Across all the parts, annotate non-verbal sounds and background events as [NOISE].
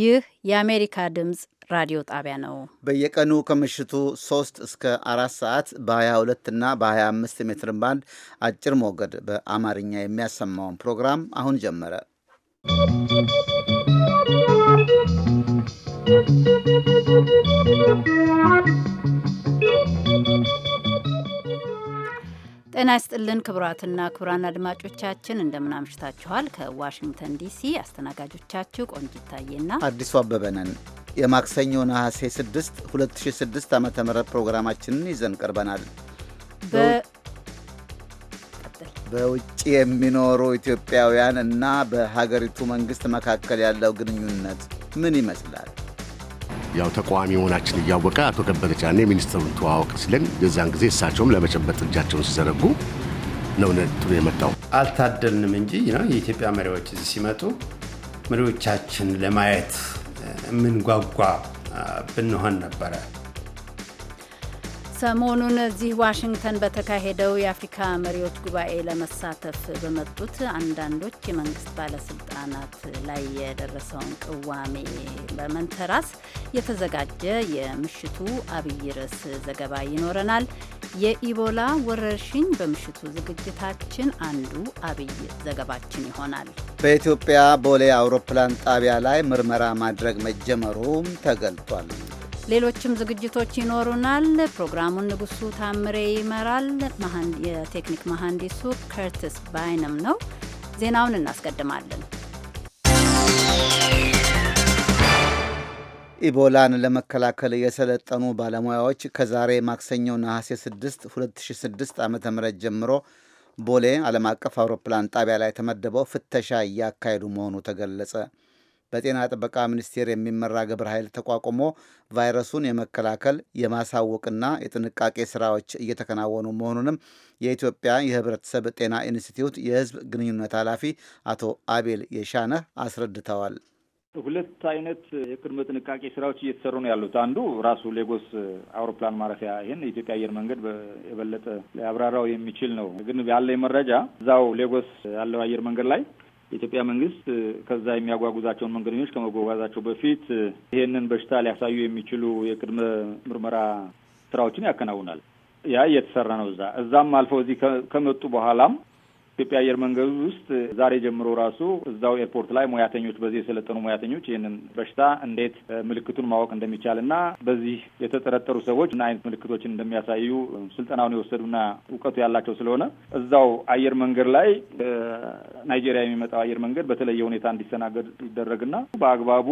ይህ የአሜሪካ ድምፅ ራዲዮ ጣቢያ ነው። በየቀኑ ከምሽቱ 3 እስከ 4 ሰዓት በ22 እና በ25 ሜትር ባንድ አጭር ሞገድ በአማርኛ የሚያሰማውን ፕሮግራም አሁን ጀመረ። ¶¶ ጤና ይስጥልን ክቡራትና ክቡራን አድማጮቻችን እንደምን አምሽታችኋል። ከዋሽንግተን ዲሲ አስተናጋጆቻችሁ ቆንጅ ይታየና አዲሱ አበበ ነን። የማክሰኞ ነሐሴ 6 2006 ዓ ም ፕሮግራማችንን ይዘን ቀርበናል። በውጭ የሚኖሩ ኢትዮጵያውያን እና በሀገሪቱ መንግስት መካከል ያለው ግንኙነት ምን ይመስላል? ያው ተቃዋሚ መሆናችን እያወቀ አቶ ከበደ ጫኔ ሚኒስትሩን ተዋወቅ ሲለን የዛን ጊዜ እሳቸውም ለመጨበጥ እጃቸውን ሲዘረጉ ነው ነጥሩ የመጣው። አልታደልንም እንጂ ነው የኢትዮጵያ መሪዎች እዚህ ሲመጡ መሪዎቻችን ለማየት የምንጓጓ ብንሆን ነበረ። ሰሞኑን እዚህ ዋሽንግተን በተካሄደው የአፍሪካ መሪዎች ጉባኤ ለመሳተፍ በመጡት አንዳንዶች የመንግስት ባለስልጣናት ላይ የደረሰውን ቅዋሜ በመንተራስ የተዘጋጀ የምሽቱ አብይ ርዕስ ዘገባ ይኖረናል። የኢቦላ ወረርሽኝ በምሽቱ ዝግጅታችን አንዱ አብይ ዘገባችን ይሆናል። በኢትዮጵያ ቦሌ አውሮፕላን ጣቢያ ላይ ምርመራ ማድረግ መጀመሩም ተገልጧል። ሌሎችም ዝግጅቶች ይኖሩናል። ፕሮግራሙን ንጉሱ ታምሬ ይመራል። የቴክኒክ መሐንዲሱ ከርትስ ባይንም ነው። ዜናውን እናስቀድማለን። ኢቦላን ለመከላከል የሰለጠኑ ባለሙያዎች ከዛሬ ማክሰኞ ነሐሴ 6 2006 ዓ ም ጀምሮ ቦሌ ዓለም አቀፍ አውሮፕላን ጣቢያ ላይ ተመድበው ፍተሻ እያካሄዱ መሆኑ ተገለጸ። በጤና ጥበቃ ሚኒስቴር የሚመራ ግብረ ኃይል ተቋቁሞ ቫይረሱን የመከላከል የማሳወቅና የጥንቃቄ ስራዎች እየተከናወኑ መሆኑንም የኢትዮጵያ የሕብረተሰብ ጤና ኢንስቲትዩት የህዝብ ግንኙነት ኃላፊ አቶ አቤል የሻነህ አስረድተዋል። ሁለት አይነት የቅድመ ጥንቃቄ ስራዎች እየተሰሩ ነው ያሉት። አንዱ ራሱ ሌጎስ አውሮፕላን ማረፊያ ይህን የኢትዮጵያ አየር መንገድ የበለጠ ሊያብራራው የሚችል ነው። ግን ያለኝ መረጃ እዛው ሌጎስ ያለው አየር መንገድ ላይ የኢትዮጵያ መንግስት ከዛ የሚያጓጉዛቸውን መንገደኞች ከመጓጓዛቸው በፊት ይሄንን በሽታ ሊያሳዩ የሚችሉ የቅድመ ምርመራ ስራዎችን ያከናውናል። ያ እየተሰራ ነው። እዛ እዛም አልፈው እዚህ ከመጡ በኋላም ኢትዮጵያ አየር መንገድ ውስጥ ዛሬ ጀምሮ ራሱ እዛው ኤርፖርት ላይ ሙያተኞች በዚህ የሰለጠኑ ሙያተኞች ይህንን በሽታ እንዴት ምልክቱን ማወቅ እንደሚቻል እና በዚህ የተጠረጠሩ ሰዎች እና አይነት ምልክቶችን እንደሚያሳዩ ስልጠናውን የወሰዱና እውቀቱ ያላቸው ስለሆነ እዛው አየር መንገድ ላይ ናይጄሪያ የሚመጣው አየር መንገድ በተለየ ሁኔታ እንዲሰናገድ ይደረግና በአግባቡ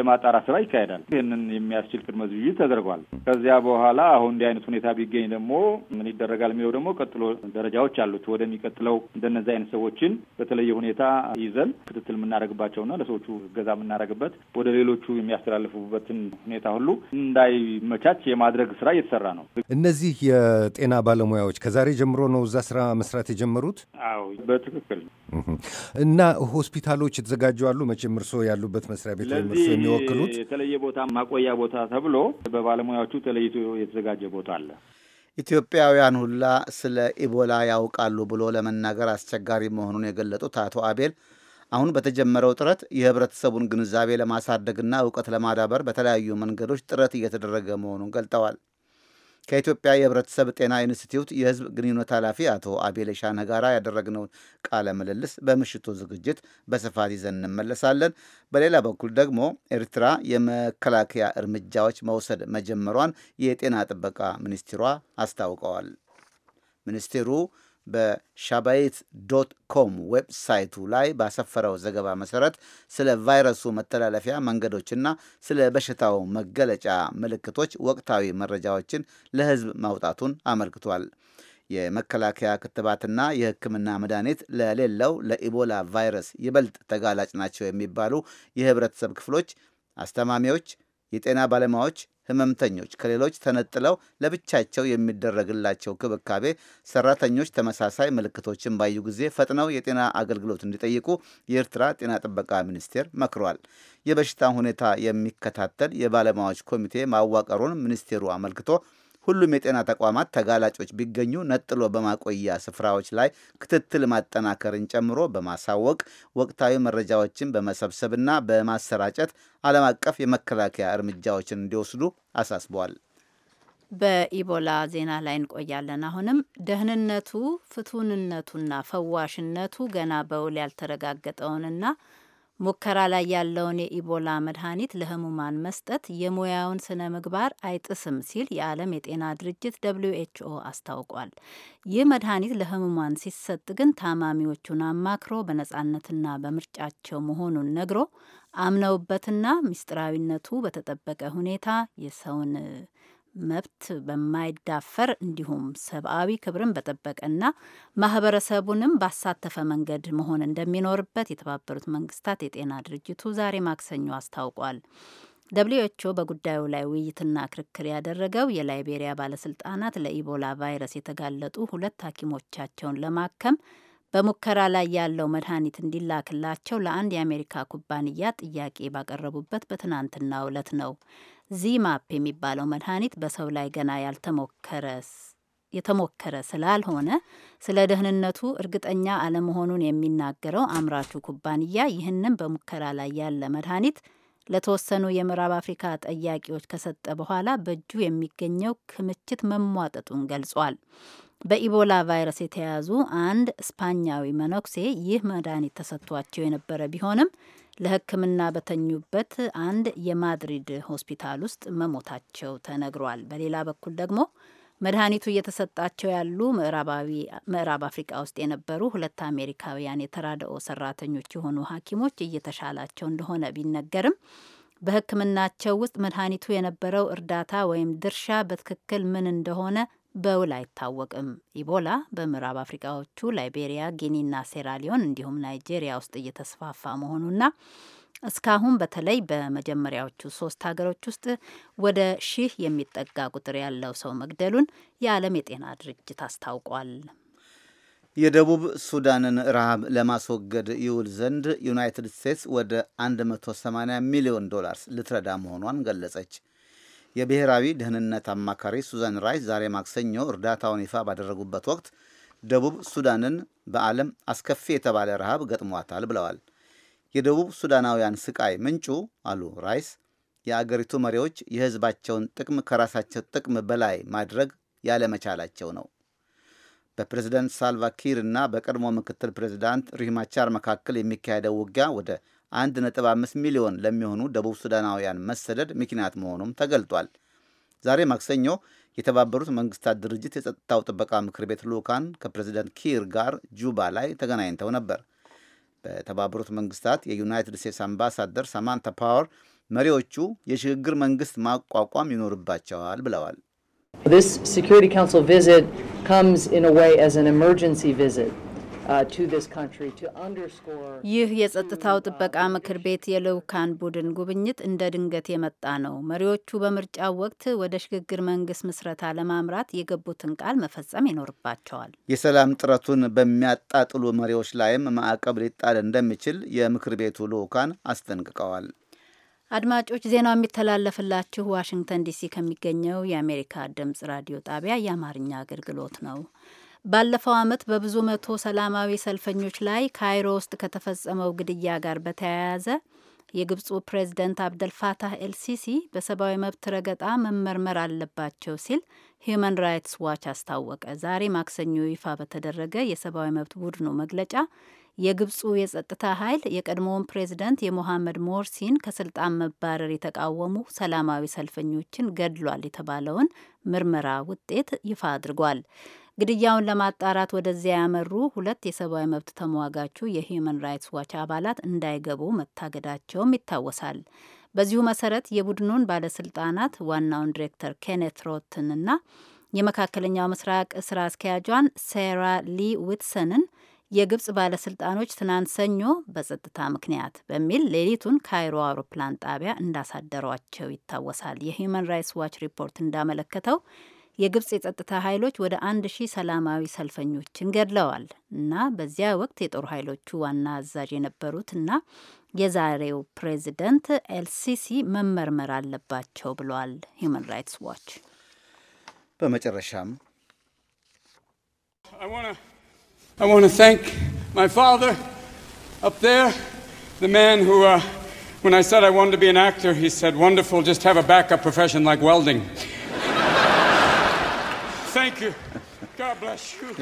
የማጣራ ስራ ይካሄዳል። ይህንን የሚያስችል ቅድመ ዝግጅት ተደርጓል። ከዚያ በኋላ አሁን እንዲህ አይነት ሁኔታ ቢገኝ ደግሞ ምን ይደረጋል የሚለው ደግሞ ቀጥሎ ደረጃዎች አሉት ወደሚቀጥለው እንደ እንደነዚህ አይነት ሰዎችን በተለየ ሁኔታ ይዘን ክትትል የምናደርግባቸውና ለሰዎቹ እገዛ የምናደርግበት ወደ ሌሎቹ የሚያስተላልፉበትን ሁኔታ ሁሉ እንዳይመቻች የማድረግ ስራ እየተሰራ ነው። እነዚህ የጤና ባለሙያዎች ከዛሬ ጀምሮ ነው እዛ ስራ መስራት የጀመሩት? አዎ በትክክል እና ሆስፒታሎች የተዘጋጁ አሉ። መቼም እርስዎ ያሉበት መስሪያ ቤት ወይም እርስዎ የሚወክሉት የተለየ ቦታ ማቆያ ቦታ ተብሎ በባለሙያዎቹ ተለይቶ የተዘጋጀ ቦታ አለ። ኢትዮጵያውያን ሁላ ስለ ኢቦላ ያውቃሉ ብሎ ለመናገር አስቸጋሪ መሆኑን የገለጡት አቶ አቤል አሁን በተጀመረው ጥረት የህብረተሰቡን ግንዛቤ ለማሳደግና እውቀት ለማዳበር በተለያዩ መንገዶች ጥረት እየተደረገ መሆኑን ገልጠዋል። ከኢትዮጵያ የህብረተሰብ ጤና ኢንስቲትዩት የህዝብ ግንኙነት ኃላፊ አቶ አቤል ጋራ ጋር ያደረግነውን ቃለ ምልልስ በምሽቱ ዝግጅት በስፋት ይዘን እንመለሳለን። በሌላ በኩል ደግሞ ኤርትራ የመከላከያ እርምጃዎች መውሰድ መጀመሯን የጤና ጥበቃ ሚኒስትሯ አስታውቀዋል። ሚኒስቴሩ በሻባይት ዶት ኮም ዌብሳይቱ ላይ ባሰፈረው ዘገባ መሰረት ስለ ቫይረሱ መተላለፊያ መንገዶችና ስለ በሽታው መገለጫ ምልክቶች ወቅታዊ መረጃዎችን ለሕዝብ ማውጣቱን አመልክቷል። የመከላከያ ክትባትና የሕክምና መድኃኒት ለሌለው ለኢቦላ ቫይረስ ይበልጥ ተጋላጭ ናቸው የሚባሉ የህብረተሰብ ክፍሎች አስተማሚዎች፣ የጤና ባለሙያዎች ህመምተኞች ከሌሎች ተነጥለው ለብቻቸው የሚደረግላቸው ክብካቤ ሰራተኞች ተመሳሳይ ምልክቶችን ባዩ ጊዜ ፈጥነው የጤና አገልግሎት እንዲጠይቁ የኤርትራ ጤና ጥበቃ ሚኒስቴር መክሯል። የበሽታ ሁኔታ የሚከታተል የባለሙያዎች ኮሚቴ ማዋቀሩን ሚኒስቴሩ አመልክቶ ሁሉም የጤና ተቋማት ተጋላጮች ቢገኙ ነጥሎ በማቆያ ስፍራዎች ላይ ክትትል ማጠናከርን ጨምሮ በማሳወቅ ወቅታዊ መረጃዎችን በመሰብሰብና በማሰራጨት ዓለም አቀፍ የመከላከያ እርምጃዎችን እንዲወስዱ አሳስበዋል። በኢቦላ ዜና ላይ እንቆያለን። አሁንም ደህንነቱ ፍቱንነቱና ፈዋሽነቱ ገና በውል ያልተረጋገጠውንና ሙከራ ላይ ያለውን የኢቦላ መድኃኒት ለህሙማን መስጠት የሙያውን ስነ ምግባር አይጥስም ሲል የዓለም የጤና ድርጅት ደብሊው ኤችኦ አስታውቋል። ይህ መድኃኒት ለህሙማን ሲሰጥ ግን ታማሚዎቹን አማክሮ በነጻነትና በምርጫቸው መሆኑን ነግሮ አምነውበትና ምስጢራዊነቱ በተጠበቀ ሁኔታ የሰውን መብት በማይዳፈር እንዲሁም ሰብአዊ ክብርን በጠበቀና ማህበረሰቡንም ባሳተፈ መንገድ መሆን እንደሚኖርበት የተባበሩት መንግስታት የጤና ድርጅቱ ዛሬ ማክሰኞ አስታውቋል። ደብልዩ ኤች ኦ በጉዳዩ ላይ ውይይትና ክርክር ያደረገው የላይቤሪያ ባለስልጣናት ለኢቦላ ቫይረስ የተጋለጡ ሁለት ሐኪሞቻቸውን ለማከም በሙከራ ላይ ያለው መድኃኒት እንዲላክላቸው ለአንድ የአሜሪካ ኩባንያ ጥያቄ ባቀረቡበት በትናንትናው ዕለት ነው። ዚማፕ የሚባለው መድኃኒት በሰው ላይ ገና ያልተሞከረ የተሞከረ ስላልሆነ ስለ ደህንነቱ እርግጠኛ አለመሆኑን የሚናገረው አምራቹ ኩባንያ ይህንን በሙከራ ላይ ያለ መድኃኒት ለተወሰኑ የምዕራብ አፍሪካ ጠያቂዎች ከሰጠ በኋላ በእጁ የሚገኘው ክምችት መሟጠጡን ገልጿል። በኢቦላ ቫይረስ የተያዙ አንድ ስፓኛዊ መነኩሴ ይህ መድኃኒት ተሰጥቷቸው የነበረ ቢሆንም ለሕክምና በተኙበት አንድ የማድሪድ ሆስፒታል ውስጥ መሞታቸው ተነግሯል። በሌላ በኩል ደግሞ መድኃኒቱ እየተሰጣቸው ያሉ ምዕራብ አፍሪቃ ውስጥ የነበሩ ሁለት አሜሪካውያን የተራድኦ ሰራተኞች የሆኑ ሐኪሞች እየተሻላቸው እንደሆነ ቢነገርም በሕክምናቸው ውስጥ መድኃኒቱ የነበረው እርዳታ ወይም ድርሻ በትክክል ምን እንደሆነ በውል አይታወቅም። ኢቦላ በምዕራብ አፍሪካዎቹ ላይቤሪያ፣ ጊኒና ሴራሊዮን እንዲሁም ናይጄሪያ ውስጥ እየተስፋፋ መሆኑና እስካሁን በተለይ በመጀመሪያዎቹ ሶስት ሀገሮች ውስጥ ወደ ሺህ የሚጠጋ ቁጥር ያለው ሰው መግደሉን የዓለም የጤና ድርጅት አስታውቋል። የደቡብ ሱዳንን ረሃብ ለማስወገድ ይውል ዘንድ ዩናይትድ ስቴትስ ወደ 180 ሚሊዮን ዶላርስ ልትረዳ መሆኗን ገለጸች። የብሔራዊ ደህንነት አማካሪ ሱዛን ራይስ ዛሬ ማክሰኞ እርዳታውን ይፋ ባደረጉበት ወቅት ደቡብ ሱዳንን በዓለም አስከፊ የተባለ ረሃብ ገጥሟታል ብለዋል። የደቡብ ሱዳናውያን ስቃይ ምንጩ አሉ ራይስ የአገሪቱ መሪዎች የህዝባቸውን ጥቅም ከራሳቸው ጥቅም በላይ ማድረግ ያለመቻላቸው ነው። በፕሬዝደንት ሳልቫኪር እና በቀድሞ ምክትል ፕሬዝዳንት ሪህማቻር መካከል የሚካሄደው ውጊያ ወደ 1.5 ሚሊዮን ለሚሆኑ ደቡብ ሱዳናውያን መሰደድ ምክንያት መሆኑም ተገልጧል። ዛሬ ማክሰኞ የተባበሩት መንግስታት ድርጅት የጸጥታው ጥበቃ ምክር ቤት ልዑካን ከፕሬዚደንት ኪር ጋር ጁባ ላይ ተገናኝተው ነበር። በተባበሩት መንግስታት የዩናይትድ ስቴትስ አምባሳደር ሳማንታ ፓወር መሪዎቹ የሽግግር መንግስት ማቋቋም ይኖርባቸዋል ብለዋል። This Security Council visit comes in a way as an emergency visit. Uh, ይህ የጸጥታው uh, ጥበቃ ምክር ቤት የልዑካን ቡድን ጉብኝት እንደ ድንገት የመጣ ነው። መሪዎቹ በምርጫው ወቅት ወደ ሽግግር መንግስት ምስረታ ለማምራት የገቡትን ቃል መፈጸም ይኖርባቸዋል። የሰላም ጥረቱን በሚያጣጥሉ መሪዎች ላይም ማዕቀብ ሊጣል እንደሚችል የምክር ቤቱ ልዑካን አስጠንቅቀዋል። አድማጮች፣ ዜናው የሚተላለፍላችሁ ዋሽንግተን ዲሲ ከሚገኘው የአሜሪካ ድምጽ ራዲዮ ጣቢያ የአማርኛ አገልግሎት ነው። ባለፈው ዓመት በብዙ መቶ ሰላማዊ ሰልፈኞች ላይ ካይሮ ውስጥ ከተፈጸመው ግድያ ጋር በተያያዘ የግብፁ ፕሬዝደንት አብደልፋታህ ኤልሲሲ በሰብአዊ መብት ረገጣ መመርመር አለባቸው ሲል ሂዩማን ራይትስ ዋች አስታወቀ። ዛሬ ማክሰኞ ይፋ በተደረገ የሰብአዊ መብት ቡድኑ መግለጫ የግብፁ የጸጥታ ኃይል የቀድሞውን ፕሬዝደንት የሞሐመድ ሞርሲን ከስልጣን መባረር የተቃወሙ ሰላማዊ ሰልፈኞችን ገድሏል የተባለውን ምርመራ ውጤት ይፋ አድርጓል። ግድያውን ለማጣራት ወደዚያ ያመሩ ሁለት የሰብአዊ መብት ተሟጋቹ የሂዩማን ራይትስ ዋች አባላት እንዳይገቡ መታገዳቸውም ይታወሳል። በዚሁ መሰረት የቡድኑን ባለስልጣናት ዋናውን ዲሬክተር ኬኔት ሮትንና የመካከለኛው ምስራቅ ስራ አስኪያጇን ሴራ ሊ ዊትሰንን የግብጽ ባለስልጣኖች ትናንት ሰኞ በጸጥታ ምክንያት በሚል ሌሊቱን ካይሮ አውሮፕላን ጣቢያ እንዳሳደሯቸው ይታወሳል። የሂዩማን ራይትስ ዋች ሪፖርት እንዳመለከተው የግብጽ የጸጥታ ኃይሎች ወደ አንድ ሺህ ሰላማዊ ሰልፈኞችን ገድለዋል እና በዚያ ወቅት የጦር ኃይሎቹ ዋና አዛዥ የነበሩት እና የዛሬው ፕሬዚደንት ኤልሲሲ መመርመር አለባቸው ብለዋል ሂዩማን ራይትስ ዋች። በመጨረሻም I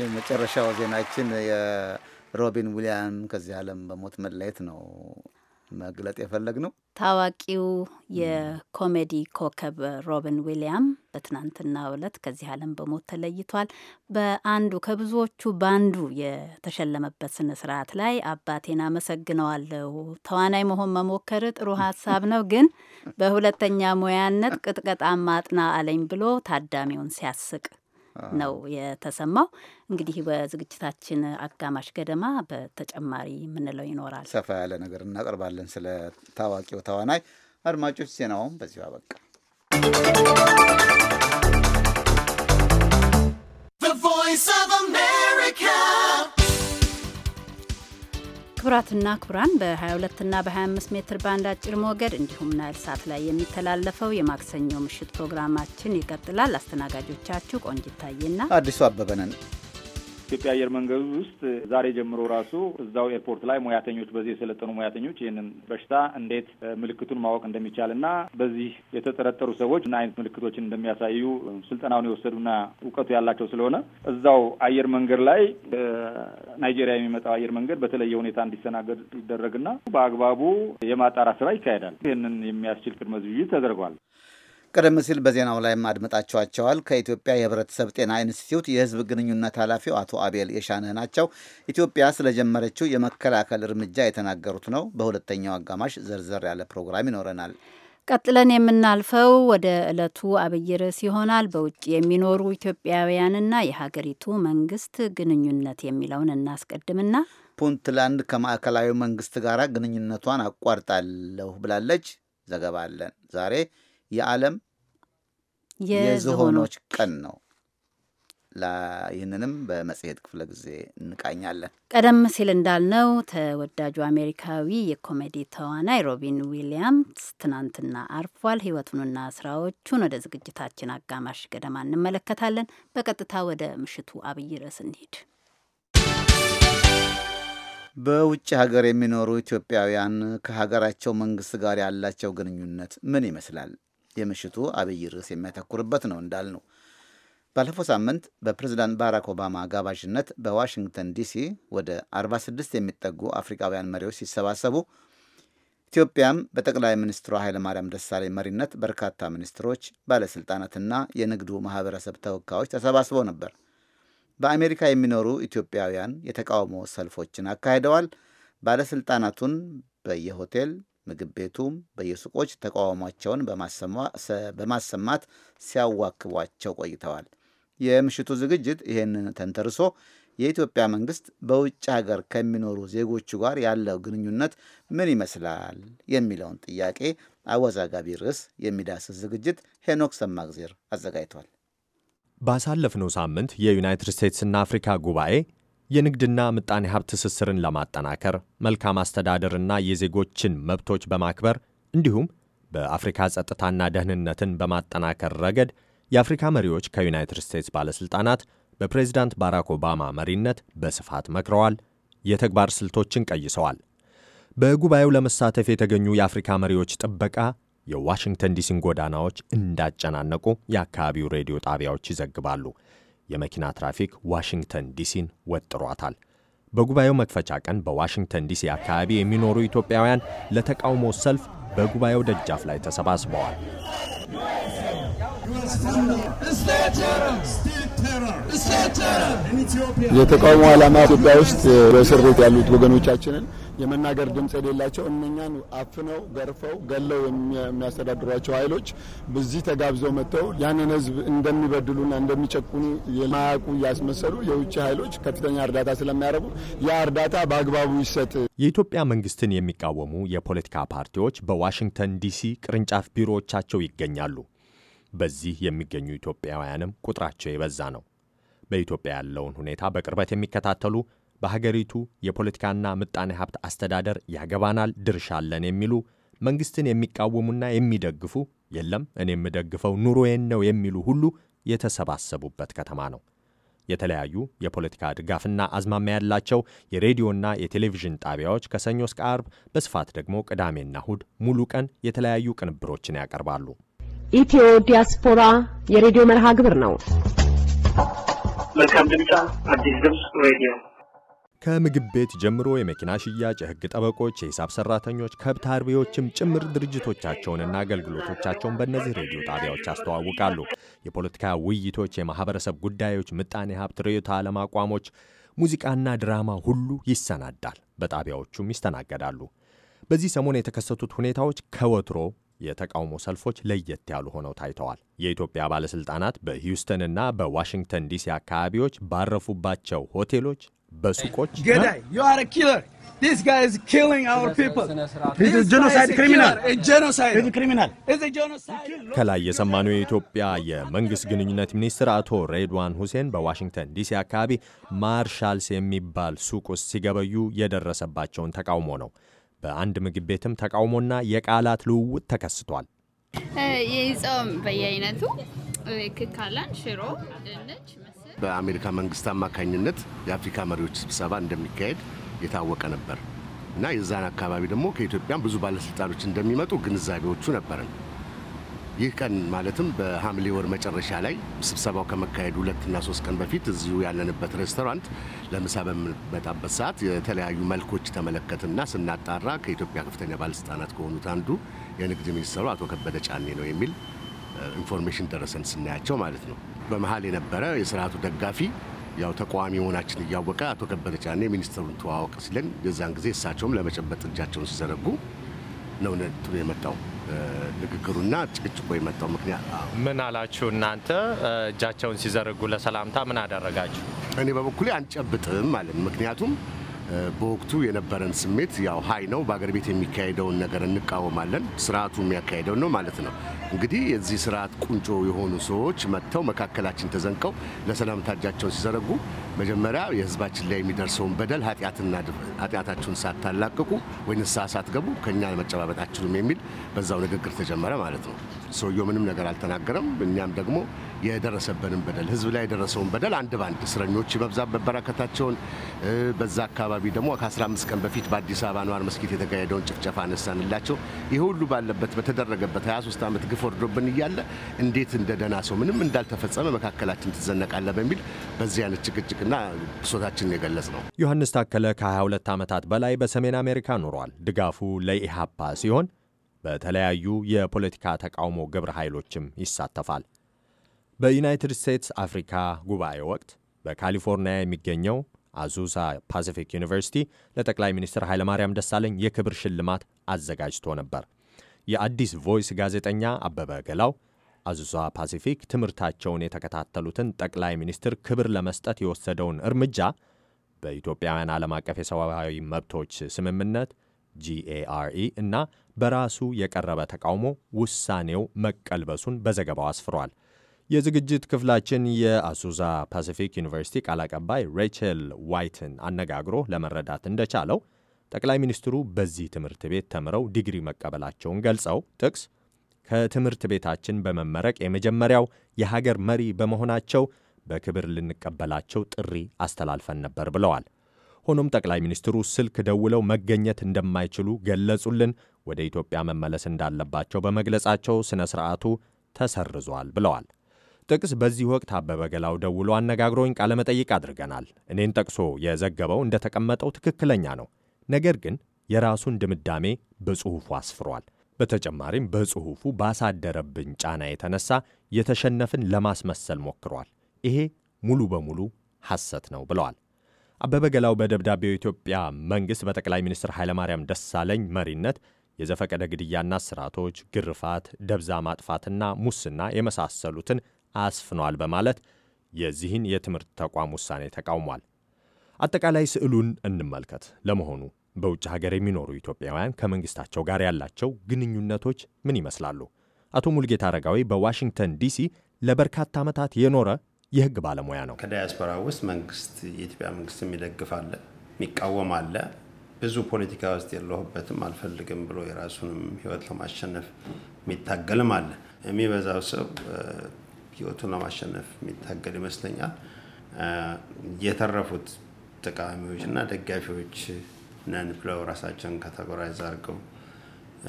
የመጨረሻው ዜናችን የሮቢን ዊሊያም ከዚህ ዓለም በሞት መለየት ነው መግለጥ የፈለግ ነው። ታዋቂው የኮሜዲ ኮከብ ሮቢን ዊሊያም በትናንትና ዕለት ከዚህ ዓለም በሞት ተለይቷል። በአንዱ ከብዙዎቹ በአንዱ የተሸለመበት ስነ ስርዓት ላይ አባቴን አመሰግነዋለሁ። ተዋናይ መሆን መሞከር ጥሩ ሀሳብ ነው፣ ግን በሁለተኛ ሙያነት ቅጥቀጣ ማጥና አለኝ ብሎ ታዳሚውን ሲያስቅ ነው የተሰማው። እንግዲህ በዝግጅታችን አጋማሽ ገደማ በተጨማሪ የምንለው ይኖራል። ሰፋ ያለ ነገር እናቀርባለን ስለ ታዋቂው ተዋናይ። አድማጮች፣ ዜናውም በዚሁ አበቃ። ቮይስ ኦፍ አሜሪካ ክቡራትና ክቡራን በ22ና በ25 ሜትር ባንድ አጭር ሞገድ እንዲሁም ናይል ሳት ላይ የሚተላለፈው የማክሰኞ ምሽት ፕሮግራማችን ይቀጥላል። አስተናጋጆቻችሁ ቆንጅታዬና አዲሱ አበበ ነን። ኢትዮጵያ አየር መንገድ ውስጥ ዛሬ ጀምሮ ራሱ እዛው ኤርፖርት ላይ ሙያተኞች በዚህ የሰለጠኑ ሙያተኞች ይህንን በሽታ እንዴት ምልክቱን ማወቅ እንደሚቻል እና በዚህ የተጠረጠሩ ሰዎች ምን አይነት ምልክቶችን እንደሚያሳዩ ስልጠናውን የወሰዱና እውቀቱ ያላቸው ስለሆነ እዛው አየር መንገድ ላይ ናይጄሪያ የሚመጣው አየር መንገድ በተለየ ሁኔታ እንዲሰናገድ ይደረግና በአግባቡ የማጣራት ስራ ይካሄዳል። ይህንን የሚያስችል ቅድመ ዝግጅት ተደርጓል። ቀደም ሲል በዜናው ላይም አድምጣችኋቸዋል። ከኢትዮጵያ የሕብረተሰብ ጤና ኢንስቲትዩት የሕዝብ ግንኙነት ኃላፊው አቶ አቤል የሻነህ ናቸው። ኢትዮጵያ ስለጀመረችው የመከላከል እርምጃ የተናገሩት ነው። በሁለተኛው አጋማሽ ዘርዘር ያለ ፕሮግራም ይኖረናል። ቀጥለን የምናልፈው ወደ ዕለቱ አብይ ርዕስ ይሆናል። በውጭ የሚኖሩ ኢትዮጵያውያንና የሀገሪቱ መንግስት ግንኙነት የሚለውን እናስቀድምና ፑንትላንድ ከማዕከላዊ መንግስት ጋር ግንኙነቷን አቋርጣለሁ ብላለች። ዘገባ አለን ዛሬ የዓለም የዝሆኖች ቀን ነው። ይህንንም በመጽሔት ክፍለ ጊዜ እንቃኛለን። ቀደም ሲል እንዳልነው ተወዳጁ አሜሪካዊ የኮሜዲ ተዋናይ ሮቢን ዊሊያምስ ትናንትና አርፏል። ሕይወቱንና ስራዎቹን ወደ ዝግጅታችን አጋማሽ ገደማ እንመለከታለን። በቀጥታ ወደ ምሽቱ አብይ ርዕስ እንሂድ። በውጭ ሀገር የሚኖሩ ኢትዮጵያውያን ከሀገራቸው መንግስት ጋር ያላቸው ግንኙነት ምን ይመስላል? የምሽቱ አብይ ርዕስ የሚያተኩርበት ነው እንዳልነው። ባለፈው ሳምንት በፕሬዝዳንት ባራክ ኦባማ አጋባዥነት በዋሽንግተን ዲሲ ወደ 46 የሚጠጉ አፍሪካውያን መሪዎች ሲሰባሰቡ ኢትዮጵያም በጠቅላይ ሚኒስትሯ ኃይለማርያም ደሳለኝ መሪነት በርካታ ሚኒስትሮች፣ ባለሥልጣናትና የንግዱ ማኅበረሰብ ተወካዮች ተሰባስበው ነበር። በአሜሪካ የሚኖሩ ኢትዮጵያውያን የተቃውሞ ሰልፎችን አካሂደዋል። ባለሥልጣናቱን በየሆቴል ምግብ ቤቱም በየሱቆች ተቃውሟቸውን በማሰማት ሲያዋክቧቸው ቆይተዋል። የምሽቱ ዝግጅት ይህንን ተንተርሶ የኢትዮጵያ መንግስት በውጭ ሀገር ከሚኖሩ ዜጎቹ ጋር ያለው ግንኙነት ምን ይመስላል የሚለውን ጥያቄ አወዛጋቢ ርዕስ የሚዳስስ ዝግጅት ሄኖክ ሰማግዜር አዘጋጅቷል። ባሳለፍነው ሳምንት የዩናይትድ ስቴትስና አፍሪካ ጉባኤ የንግድና ምጣኔ ሀብት ትስስርን ለማጠናከር መልካም አስተዳደርና የዜጎችን መብቶች በማክበር እንዲሁም በአፍሪካ ጸጥታና ደህንነትን በማጠናከር ረገድ የአፍሪካ መሪዎች ከዩናይትድ ስቴትስ ባለሥልጣናት በፕሬዚዳንት ባራክ ኦባማ መሪነት በስፋት መክረዋል፣ የተግባር ስልቶችን ቀይሰዋል። በጉባኤው ለመሳተፍ የተገኙ የአፍሪካ መሪዎች ጥበቃ የዋሽንግተን ዲሲን ጎዳናዎች እንዳጨናነቁ የአካባቢው ሬዲዮ ጣቢያዎች ይዘግባሉ። የመኪና ትራፊክ ዋሽንግተን ዲሲን ወጥሯታል። በጉባኤው መክፈቻ ቀን በዋሽንግተን ዲሲ አካባቢ የሚኖሩ ኢትዮጵያውያን ለተቃውሞ ሰልፍ በጉባኤው ደጃፍ ላይ ተሰባስበዋል። የተቃውሞ ዓላማ ኢትዮጵያ ውስጥ በእስር ቤት ያሉት ወገኖቻችንን የመናገር ድምፅ የሌላቸው እነኛን አፍነው ገርፈው ገለው የሚያስተዳድሯቸው ኃይሎች በዚህ ተጋብዘው መጥተው ያንን ህዝብ እንደሚበድሉና እንደሚጨቁኑ የማያውቁ እያስመሰሉ የውጭ ኃይሎች ከፍተኛ እርዳታ ስለሚያደርጉ ያ እርዳታ በአግባቡ ይሰጥ። የኢትዮጵያ መንግስትን የሚቃወሙ የፖለቲካ ፓርቲዎች በዋሽንግተን ዲሲ ቅርንጫፍ ቢሮዎቻቸው ይገኛሉ። በዚህ የሚገኙ ኢትዮጵያውያንም ቁጥራቸው የበዛ ነው። በኢትዮጵያ ያለውን ሁኔታ በቅርበት የሚከታተሉ በሀገሪቱ የፖለቲካና ምጣኔ ሀብት አስተዳደር ያገባናል ድርሻ አለን የሚሉ መንግስትን የሚቃወሙና የሚደግፉ የለም እኔ የምደግፈው ኑሮዬን ነው የሚሉ ሁሉ የተሰባሰቡበት ከተማ ነው። የተለያዩ የፖለቲካ ድጋፍና አዝማሚያ ያላቸው የሬዲዮና የቴሌቪዥን ጣቢያዎች ከሰኞ እስከ አርብ በስፋት ደግሞ ቅዳሜና እሁድ ሙሉ ቀን የተለያዩ ቅንብሮችን ያቀርባሉ። ኢትዮ ዲያስፖራ የሬዲዮ መርሃ ግብር ነው። መልካም ድምጫ አዲስ ድምጽ ሬዲዮ ከምግብ ቤት ጀምሮ የመኪና ሽያጭ፣ የህግ ጠበቆች፣ የሂሳብ ሰራተኞች ከብት አርቢዎችም ጭምር ድርጅቶቻቸውንና አገልግሎቶቻቸውን በእነዚህ ሬዲዮ ጣቢያዎች ያስተዋውቃሉ። የፖለቲካ ውይይቶች፣ የማህበረሰብ ጉዳዮች፣ ምጣኔ ሀብት፣ ርዕዮተ ዓለም አቋሞች፣ ሙዚቃና ድራማ ሁሉ ይሰናዳል፣ በጣቢያዎቹም ይስተናገዳሉ። በዚህ ሰሞን የተከሰቱት ሁኔታዎች ከወትሮ የተቃውሞ ሰልፎች ለየት ያሉ ሆነው ታይተዋል። የኢትዮጵያ ባለሥልጣናት በሂውስተንና በዋሽንግተን ዲሲ አካባቢዎች ባረፉባቸው ሆቴሎች፣ በሱቆች [LAUGHS] ከላይ የሰማነው የኢትዮጵያ የመንግሥት ግንኙነት ሚኒስትር አቶ ሬድዋን ሁሴን በዋሽንግተን ዲሲ አካባቢ ማርሻልስ የሚባል ሱቅ ውስጥ ሲገበዩ የደረሰባቸውን ተቃውሞ ነው። በአንድ ምግብ ቤትም ተቃውሞና የቃላት ልውውጥ ተከስቷል። ይህ ጾም በየአይነቱ ክካላን፣ ሽሮ፣ ድንች፣ ምስር በአሜሪካ መንግስት አማካኝነት የአፍሪካ መሪዎች ስብሰባ እንደሚካሄድ የታወቀ ነበር እና የዛን አካባቢ ደግሞ ከኢትዮጵያም ብዙ ባለስልጣኖች እንደሚመጡ ግንዛቤዎቹ ነበረን። ይህ ቀን ማለትም በሐምሌ ወር መጨረሻ ላይ ስብሰባው ከመካሄድ ሁለትና ሶስት ቀን በፊት እዚሁ ያለንበት ሬስቶራንት ለምሳ በምንመጣበት ሰዓት የተለያዩ መልኮች ተመለከትና ስናጣራ ከኢትዮጵያ ከፍተኛ ባለስልጣናት ከሆኑት አንዱ የንግድ ሚኒስትሩ አቶ ከበደ ጫኔ ነው የሚል ኢንፎርሜሽን ደረሰን ስናያቸው ማለት ነው። በመሀል የነበረ የስርዓቱ ደጋፊ ያው ተቃዋሚ መሆናችን እያወቀ አቶ ከበደ ጫኔ ሚኒስትሩን ተዋወቅ ሲለን የዛን ጊዜ እሳቸውም ለመጨበጥ እጃቸውን ሲዘረጉ ነው ነጥሩ የመጣው። ንግግሩና ጭቅጭቁ የመጣው ምክንያት ምን አላችሁ እናንተ? እጃቸውን ሲዘረጉ ለሰላምታ ምን አደረጋችሁ? እኔ በበኩሌ አንጨብጥም ማለት ምክንያቱም በወቅቱ የነበረን ስሜት ያው ሀይ ነው። በአገር ቤት የሚካሄደውን ነገር እንቃወማለን። ስርዓቱ የሚያካሄደው ነው ማለት ነው። እንግዲህ የዚህ ስርዓት ቁንጮ የሆኑ ሰዎች መጥተው መካከላችን ተዘንቀው ለሰላምታ እጃቸውን ሲዘረጉ መጀመሪያ የህዝባችን ላይ የሚደርሰውን በደል ኃጢአታችሁን ሳታላቅቁ ወይ ንስሐ ሳትገቡ ከእኛ መጨባበጣችሁም የሚል በዛው ንግግር ተጀመረ ማለት ነው። ሰውየው ምንም ነገር አልተናገረም። እኛም ደግሞ የደረሰበንን በደል ህዝብ ላይ የደረሰውን በደል አንድ በአንድ እስረኞች በብዛት መበራከታቸውን በዛ አካባቢ ደግሞ ከ15 ቀን በፊት በአዲስ አበባ ኗር መስኪት የተካሄደውን ጭፍጨፋ አነሳንላቸው። ይህ ሁሉ ባለበት በተደረገበት 23 ዓመት ግፍ ወርዶብን እያለ እንዴት እንደ ደህና ሰው ምንም እንዳልተፈጸመ መካከላችን ትዘነቃለ በሚል በዚህ አይነት ጭቅጭቅና ብሶታችንን የገለጽ ነው። ዮሐንስ ታከለ ከ22 ዓመታት በላይ በሰሜን አሜሪካ ኑሯል። ድጋፉ ለኢሃፓ ሲሆን በተለያዩ የፖለቲካ ተቃውሞ ግብረ ኃይሎችም ይሳተፋል። በዩናይትድ ስቴትስ አፍሪካ ጉባኤ ወቅት በካሊፎርኒያ የሚገኘው አዙሳ ፓሲፊክ ዩኒቨርሲቲ ለጠቅላይ ሚኒስትር ኃይለማርያም ደሳለኝ የክብር ሽልማት አዘጋጅቶ ነበር። የአዲስ ቮይስ ጋዜጠኛ አበበ ገላው አዙሳ ፓሲፊክ ትምህርታቸውን የተከታተሉትን ጠቅላይ ሚኒስትር ክብር ለመስጠት የወሰደውን እርምጃ በኢትዮጵያውያን ዓለም አቀፍ የሰብአዊ መብቶች ስምምነት ጂኤአርኢ እና በራሱ የቀረበ ተቃውሞ ውሳኔው መቀልበሱን በዘገባው አስፍሯል። የዝግጅት ክፍላችን የአሱዛ ፓሲፊክ ዩኒቨርሲቲ ቃል አቀባይ ሬቸል ዋይትን አነጋግሮ ለመረዳት እንደቻለው ጠቅላይ ሚኒስትሩ በዚህ ትምህርት ቤት ተምረው ዲግሪ መቀበላቸውን ገልጸው ጥቅስ ከትምህርት ቤታችን በመመረቅ የመጀመሪያው የሀገር መሪ በመሆናቸው በክብር ልንቀበላቸው ጥሪ አስተላልፈን ነበር ብለዋል። ሆኖም ጠቅላይ ሚኒስትሩ ስልክ ደውለው መገኘት እንደማይችሉ ገለጹልን። ወደ ኢትዮጵያ መመለስ እንዳለባቸው በመግለጻቸው ሥነ ሥርዓቱ ተሰርዟል ብለዋል። ጥቅስ በዚህ ወቅት አበበ ገላው ደውሎ አነጋግሮኝ ቃለመጠይቅ አድርገናል። እኔን ጠቅሶ የዘገበው እንደተቀመጠው ትክክለኛ ነው። ነገር ግን የራሱን ድምዳሜ በጽሑፉ አስፍሯል። በተጨማሪም በጽሑፉ ባሳደረብን ጫና የተነሳ የተሸነፍን ለማስመሰል ሞክሯል። ይሄ ሙሉ በሙሉ ሐሰት ነው ብለዋል። አበበ ገላው በደብዳቤው የኢትዮጵያ መንግሥት በጠቅላይ ሚኒስትር ኃይለማርያም ደሳለኝ መሪነት የዘፈቀደ ግድያና ስርዓቶች፣ ግርፋት፣ ደብዛ ማጥፋትና ሙስና የመሳሰሉትን አስፍኗል በማለት የዚህን የትምህርት ተቋም ውሳኔ ተቃውሟል። አጠቃላይ ስዕሉን እንመልከት። ለመሆኑ በውጭ ሀገር የሚኖሩ ኢትዮጵያውያን ከመንግሥታቸው ጋር ያላቸው ግንኙነቶች ምን ይመስላሉ? አቶ ሙልጌታ አረጋዊ በዋሽንግተን ዲሲ ለበርካታ ዓመታት የኖረ የህግ ባለሙያ ነው። ከዳያስፖራ ውስጥ መንግስት የኢትዮጵያ መንግስት የሚደግፍ አለ፣ የሚቃወም አለ። ብዙ ፖለቲካ ውስጥ የለሁበትም አልፈልግም ብሎ የራሱንም ህይወት ለማሸነፍ የሚታገልም አለ። የሚበዛው ሰው ህይወቱን ለማሸነፍ የሚታገል ይመስለኛል። የተረፉት ተቃዋሚዎች እና ደጋፊዎች ነን ብለው ራሳቸውን ካተጎራይዝ አድርገው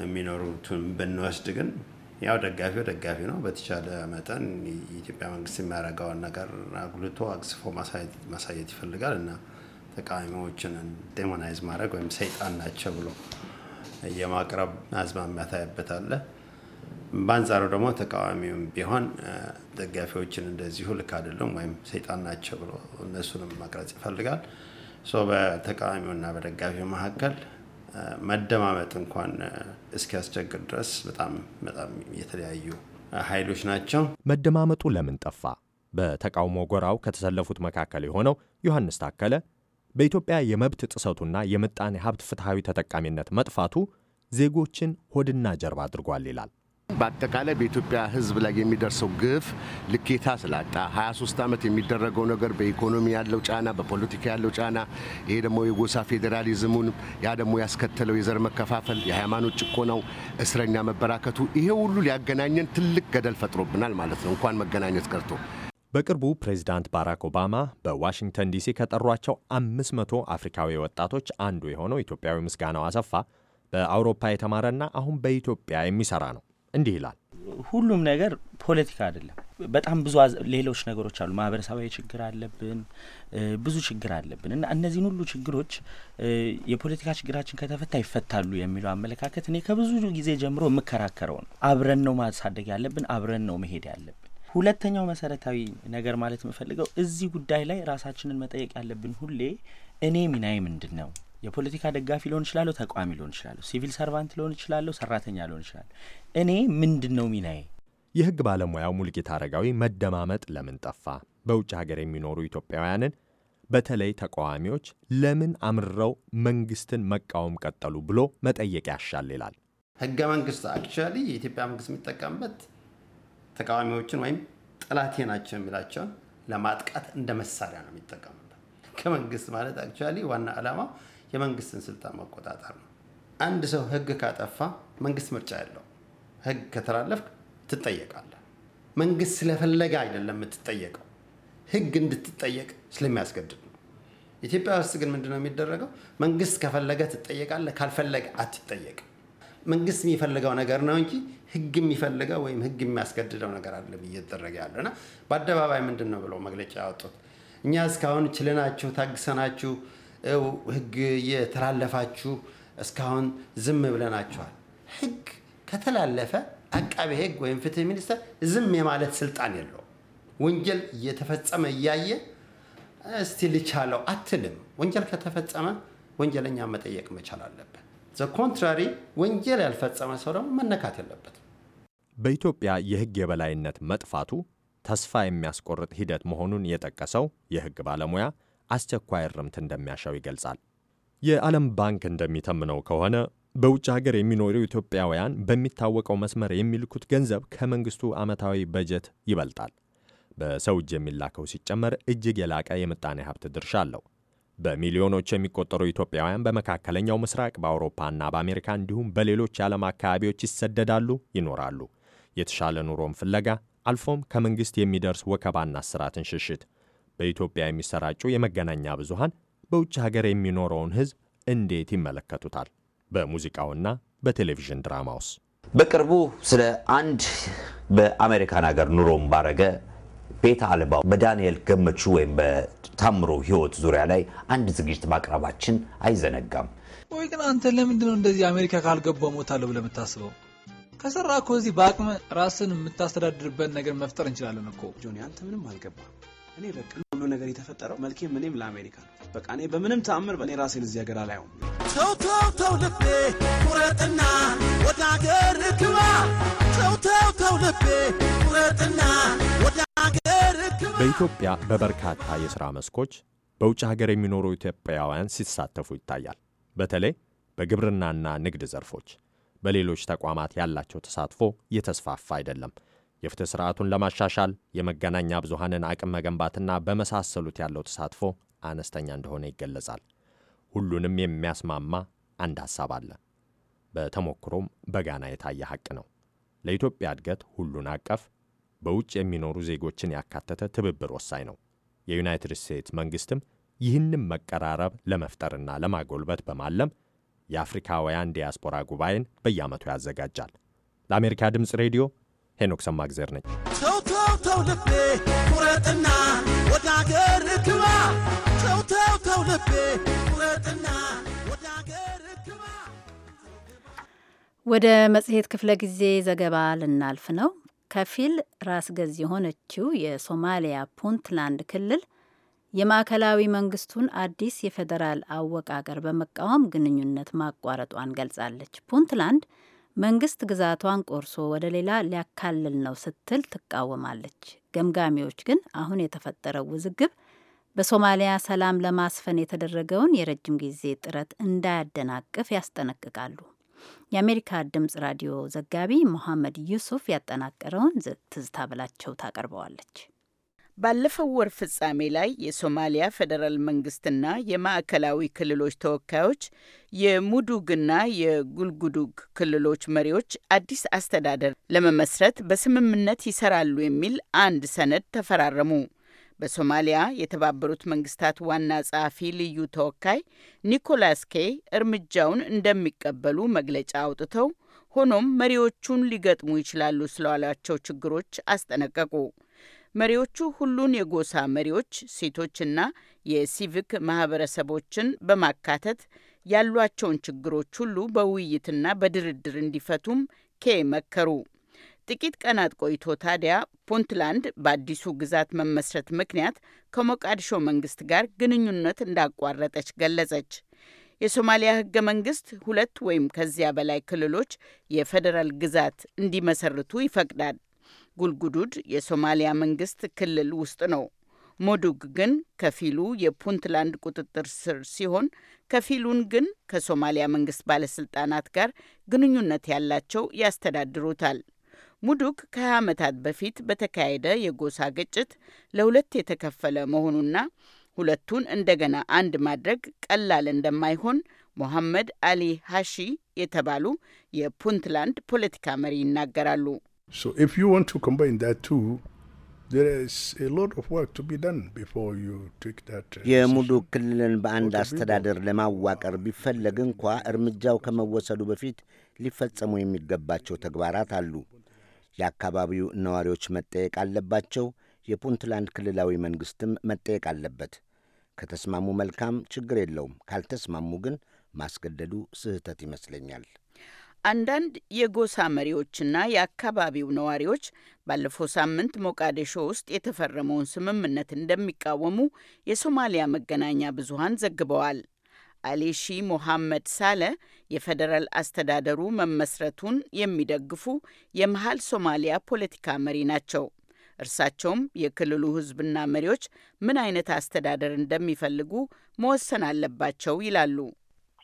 የሚኖሩትን ብንወስድ ግን ያው ደጋፊው ደጋፊ ነው። በተቻለ መጠን የኢትዮጵያ መንግስት የሚያደርገውን ነገር አጉልቶ አቅስፎ ማሳየት ይፈልጋል እና ተቃዋሚዎችን ዴሞናይዝ ማድረግ ወይም ሰይጣን ናቸው ብሎ የማቅረብ አዝማሚያ ታያበታለ። በአንጻሩ ደግሞ ተቃዋሚውም ቢሆን ደጋፊዎችን እንደዚሁ ልክ አይደለም ወይም ሰይጣን ናቸው ብሎ እነሱንም ማቅረጽ ይፈልጋል። በተቃዋሚውና በደጋፊው መካከል መደማመጥ እንኳን እስኪያስቸግር ድረስ በጣም በጣም የተለያዩ ኃይሎች ናቸው። መደማመጡ ለምን ጠፋ? በተቃውሞ ጎራው ከተሰለፉት መካከል የሆነው ዮሐንስ ታከለ በኢትዮጵያ የመብት ጥሰቱና የምጣኔ ሀብት ፍትሐዊ ተጠቃሚነት መጥፋቱ ዜጎችን ሆድና ጀርባ አድርጓል ይላል። በአጠቃላይ በኢትዮጵያ ሕዝብ ላይ የሚደርሰው ግፍ ልኬታ ስላጣ 23 ዓመት የሚደረገው ነገር በኢኮኖሚ ያለው ጫና፣ በፖለቲካ ያለው ጫና፣ ይሄ ደግሞ የጎሳ ፌዴራሊዝሙን ያ ደግሞ ያስከተለው የዘር መከፋፈል፣ የሃይማኖት ጭቆናው፣ እስረኛ መበራከቱ፣ ይሄ ሁሉ ሊያገናኘን ትልቅ ገደል ፈጥሮብናል ማለት ነው። እንኳን መገናኘት ቀርቶ በቅርቡ ፕሬዚዳንት ባራክ ኦባማ በዋሽንግተን ዲሲ ከጠሯቸው 500 አፍሪካዊ ወጣቶች አንዱ የሆነው ኢትዮጵያዊ ምስጋናው አሰፋ በአውሮፓ የተማረና አሁን በኢትዮጵያ የሚሰራ ነው። እንዲህ ይላል። ሁሉም ነገር ፖለቲካ አይደለም። በጣም ብዙ ሌሎች ነገሮች አሉ። ማህበረሰባዊ ችግር አለብን፣ ብዙ ችግር አለብን እና እነዚህን ሁሉ ችግሮች የፖለቲካ ችግራችን ከተፈታ ይፈታሉ የሚለው አመለካከት እኔ ከብዙ ጊዜ ጀምሮ የምከራከረው ነው። አብረን ነው ማሳደግ ያለብን፣ አብረን ነው መሄድ ያለብን። ሁለተኛው መሰረታዊ ነገር ማለት የምፈልገው እዚህ ጉዳይ ላይ ራሳችንን መጠየቅ ያለብን ሁሌ እኔ ሚናዬ ምንድን ነው? የፖለቲካ ደጋፊ ሊሆን እችላለሁ፣ ተቋሚ ሊሆን እችላለሁ፣ ሲቪል ሰርቫንት ሊሆን እችላለሁ፣ ሰራተኛ ሊሆን እችላለሁ። እኔ ምንድን ነው ሚናዬ? የህግ ባለሙያው ሙልጌታ አረጋዊ መደማመጥ ለምን ጠፋ? በውጭ ሀገር የሚኖሩ ኢትዮጵያውያንን በተለይ ተቃዋሚዎች ለምን አምርረው መንግስትን መቃወም ቀጠሉ ብሎ መጠየቅ ያሻል ይላል። ህገ መንግስት አክቹዋሊ የኢትዮጵያ መንግስት የሚጠቀምበት ተቃዋሚዎችን ወይም ጠላቴ ናቸው የሚላቸውን ለማጥቃት እንደ መሳሪያ ነው የሚጠቀምበት። ህገ መንግስት ማለት አክቹዋሊ ዋና ዓላማው የመንግስትን ስልጣን መቆጣጠር ነው። አንድ ሰው ህግ ካጠፋ መንግስት ምርጫ ያለው ህግ ከተላለፍክ ትጠየቃለህ። መንግስት ስለፈለገ አይደለም የምትጠየቀው፣ ህግ እንድትጠየቅ ስለሚያስገድድ ነው። ኢትዮጵያ ውስጥ ግን ምንድነው የሚደረገው? መንግስት ከፈለገ ትጠየቃለህ፣ ካልፈለገ አትጠየቅም። መንግስት የሚፈልገው ነገር ነው እንጂ ህግ የሚፈልገው ወይም ህግ የሚያስገድደው ነገር አይደለም እየተደረገ ያለ እና በአደባባይ ምንድን ነው ብለው መግለጫ ያወጡት እኛ እስካሁን ችለናችሁ ታግሰናችሁ ህግ እየተላለፋችሁ እስካሁን ዝም ብለናችኋል። ህግ ከተላለፈ አቃቤ ሕግ ወይም ፍትህ ሚኒስተር ዝም የማለት ስልጣን የለውም። ወንጀል እየተፈጸመ እያየ እስቲ ልቻለው አትልም። ወንጀል ከተፈጸመ ወንጀለኛ መጠየቅ መቻል አለበት። ዘ ኮንትራሪ ወንጀል ያልፈጸመ ሰው ደግሞ መነካት የለበትም። በኢትዮጵያ የህግ የበላይነት መጥፋቱ ተስፋ የሚያስቆርጥ ሂደት መሆኑን የጠቀሰው የህግ ባለሙያ አስቸኳይ እርምት እንደሚያሻው ይገልጻል። የዓለም ባንክ እንደሚተምነው ከሆነ በውጭ ሀገር የሚኖሩ ኢትዮጵያውያን በሚታወቀው መስመር የሚልኩት ገንዘብ ከመንግስቱ ዓመታዊ በጀት ይበልጣል። በሰው እጅ የሚላከው ሲጨመር እጅግ የላቀ የምጣኔ ሀብት ድርሻ አለው። በሚሊዮኖች የሚቆጠሩ ኢትዮጵያውያን በመካከለኛው ምስራቅ፣ በአውሮፓና በአሜሪካ እንዲሁም በሌሎች የዓለም አካባቢዎች ይሰደዳሉ፣ ይኖራሉ። የተሻለ ኑሮን ፍለጋ አልፎም ከመንግሥት የሚደርስ ወከባና ስራትን ሽሽት። በኢትዮጵያ የሚሰራጩ የመገናኛ ብዙሃን በውጭ ሀገር የሚኖረውን ሕዝብ እንዴት ይመለከቱታል? በሙዚቃውና በቴሌቪዥን ድራማውስ? በቅርቡ ስለ አንድ በአሜሪካን ሀገር ኑሮን ባረገ ቤት አልባው በዳንኤል ገመቹ ወይም በታምሮ ህይወት ዙሪያ ላይ አንድ ዝግጅት ማቅረባችን አይዘነጋም። ወይ ግን አንተ ለምንድን ነው እንደዚህ አሜሪካ ካልገባ ሞታለሁ ብለህ የምታስበው? ከሰራ እኮ እዚህ በአቅም ራስን የምታስተዳድርበት ነገር መፍጠር እንችላለን እኮ ጆኒ፣ አንተ ምንም አልገባም። እኔ በቃ ሁሉ ነገር የተፈጠረው መልኬ እኔም ለአሜሪካ ነው። በቃ እኔ በምንም ተአምር በእኔ ራሴን እዚህ ሀገር አላየውም። ተው ተው ተው ልቤ ቁረጥና ወደ ሀገር ግባ። ተው ተው ተው ልቤ ቁረጥና ወደ ሀገር ግባ። በኢትዮጵያ በበርካታ የሥራ መስኮች በውጭ ሀገር የሚኖሩ ኢትዮጵያውያን ሲሳተፉ ይታያል። በተለይ በግብርናና ንግድ ዘርፎች በሌሎች ተቋማት ያላቸው ተሳትፎ እየተስፋፋ አይደለም። የፍትህ ስርዓቱን ለማሻሻል የመገናኛ ብዙሃንን አቅም መገንባትና በመሳሰሉት ያለው ተሳትፎ አነስተኛ እንደሆነ ይገለጻል። ሁሉንም የሚያስማማ አንድ ሀሳብ አለ። በተሞክሮም በጋና የታየ ሀቅ ነው። ለኢትዮጵያ እድገት ሁሉን አቀፍ በውጭ የሚኖሩ ዜጎችን ያካተተ ትብብር ወሳኝ ነው። የዩናይትድ ስቴትስ መንግስትም ይህንም መቀራረብ ለመፍጠርና ለማጎልበት በማለም የአፍሪካውያን ዲያስፖራ ጉባኤን በየዓመቱ ያዘጋጃል። ለአሜሪካ ድምፅ ሬዲዮ ሄኖክ ሰማግዘር ነኝ። ተው ተው ልቤ ቁረጥና ወደ አገር ግባ። ተው ልቤ ቁረጥና ወደ አገር ግባ። ወደ መጽሔት ክፍለ ጊዜ ዘገባ ልናልፍ ነው። ከፊል ራስ ገዝ የሆነችው የሶማሊያ ፑንትላንድ ክልል የማዕከላዊ መንግስቱን አዲስ የፌዴራል አወቃቀር በመቃወም ግንኙነት ማቋረጧን ገልጻለች። ፑንትላንድ መንግስት ግዛቷን ቆርሶ ወደ ሌላ ሊያካልል ነው ስትል ትቃወማለች። ገምጋሚዎች ግን አሁን የተፈጠረው ውዝግብ በሶማሊያ ሰላም ለማስፈን የተደረገውን የረጅም ጊዜ ጥረት እንዳያደናቅፍ ያስጠነቅቃሉ። የአሜሪካ ድምጽ ራዲዮ ዘጋቢ ሞሐመድ ዩሱፍ ያጠናቀረውን ትዝታ ብላቸው ታቀርበዋለች። ባለፈው ወር ፍጻሜ ላይ የሶማሊያ ፌዴራል መንግስትና የማዕከላዊ ክልሎች ተወካዮች የሙዱግና የጉልጉዱግ ክልሎች መሪዎች አዲስ አስተዳደር ለመመስረት በስምምነት ይሰራሉ የሚል አንድ ሰነድ ተፈራረሙ። በሶማሊያ የተባበሩት መንግስታት ዋና ጸሐፊ ልዩ ተወካይ ኒኮላስ ኬ እርምጃውን እንደሚቀበሉ መግለጫ አውጥተው ሆኖም መሪዎቹን ሊገጥሙ ይችላሉ ስላሏቸው ችግሮች አስጠነቀቁ። መሪዎቹ ሁሉን የጎሳ መሪዎች፣ ሴቶችና የሲቪክ ማህበረሰቦችን በማካተት ያሏቸውን ችግሮች ሁሉ በውይይትና በድርድር እንዲፈቱም ኬ መከሩ። ጥቂት ቀናት ቆይቶ ታዲያ ፑንትላንድ በአዲሱ ግዛት መመስረት ምክንያት ከሞቃዲሾ መንግስት ጋር ግንኙነት እንዳቋረጠች ገለጸች። የሶማሊያ ህገ መንግስት ሁለት ወይም ከዚያ በላይ ክልሎች የፌዴራል ግዛት እንዲመሰርቱ ይፈቅዳል። ጉልጉዱድ የሶማሊያ መንግስት ክልል ውስጥ ነው። ሞዱግ ግን ከፊሉ የፑንትላንድ ቁጥጥር ስር ሲሆን ከፊሉን ግን ከሶማሊያ መንግስት ባለስልጣናት ጋር ግንኙነት ያላቸው ያስተዳድሩታል። ሙዱግ ከ20 ዓመታት በፊት በተካሄደ የጎሳ ግጭት ለሁለት የተከፈለ መሆኑና ሁለቱን እንደገና አንድ ማድረግ ቀላል እንደማይሆን ሞሐመድ አሊ ሃሺ የተባሉ የፑንትላንድ ፖለቲካ መሪ ይናገራሉ። So if you want to combine that two, uh, የሙሉ ክልልን በአንድ አስተዳደር ለማዋቀር ቢፈለግ እንኳ እርምጃው ከመወሰዱ በፊት ሊፈጸሙ የሚገባቸው ተግባራት አሉ። የአካባቢው ነዋሪዎች መጠየቅ አለባቸው። የፑንትላንድ ክልላዊ መንግሥትም መጠየቅ አለበት። ከተስማሙ መልካም፣ ችግር የለውም። ካልተስማሙ ግን ማስገደዱ ስህተት ይመስለኛል። አንዳንድ የጎሳ መሪዎችና የአካባቢው ነዋሪዎች ባለፈው ሳምንት ሞቃዲሾ ውስጥ የተፈረመውን ስምምነት እንደሚቃወሙ የሶማሊያ መገናኛ ብዙሃን ዘግበዋል። አሌሺ ሞሐመድ ሳለ የፌዴራል አስተዳደሩ መመስረቱን የሚደግፉ የመሀል ሶማሊያ ፖለቲካ መሪ ናቸው። እርሳቸውም የክልሉ ሕዝብና መሪዎች ምን አይነት አስተዳደር እንደሚፈልጉ መወሰን አለባቸው ይላሉ።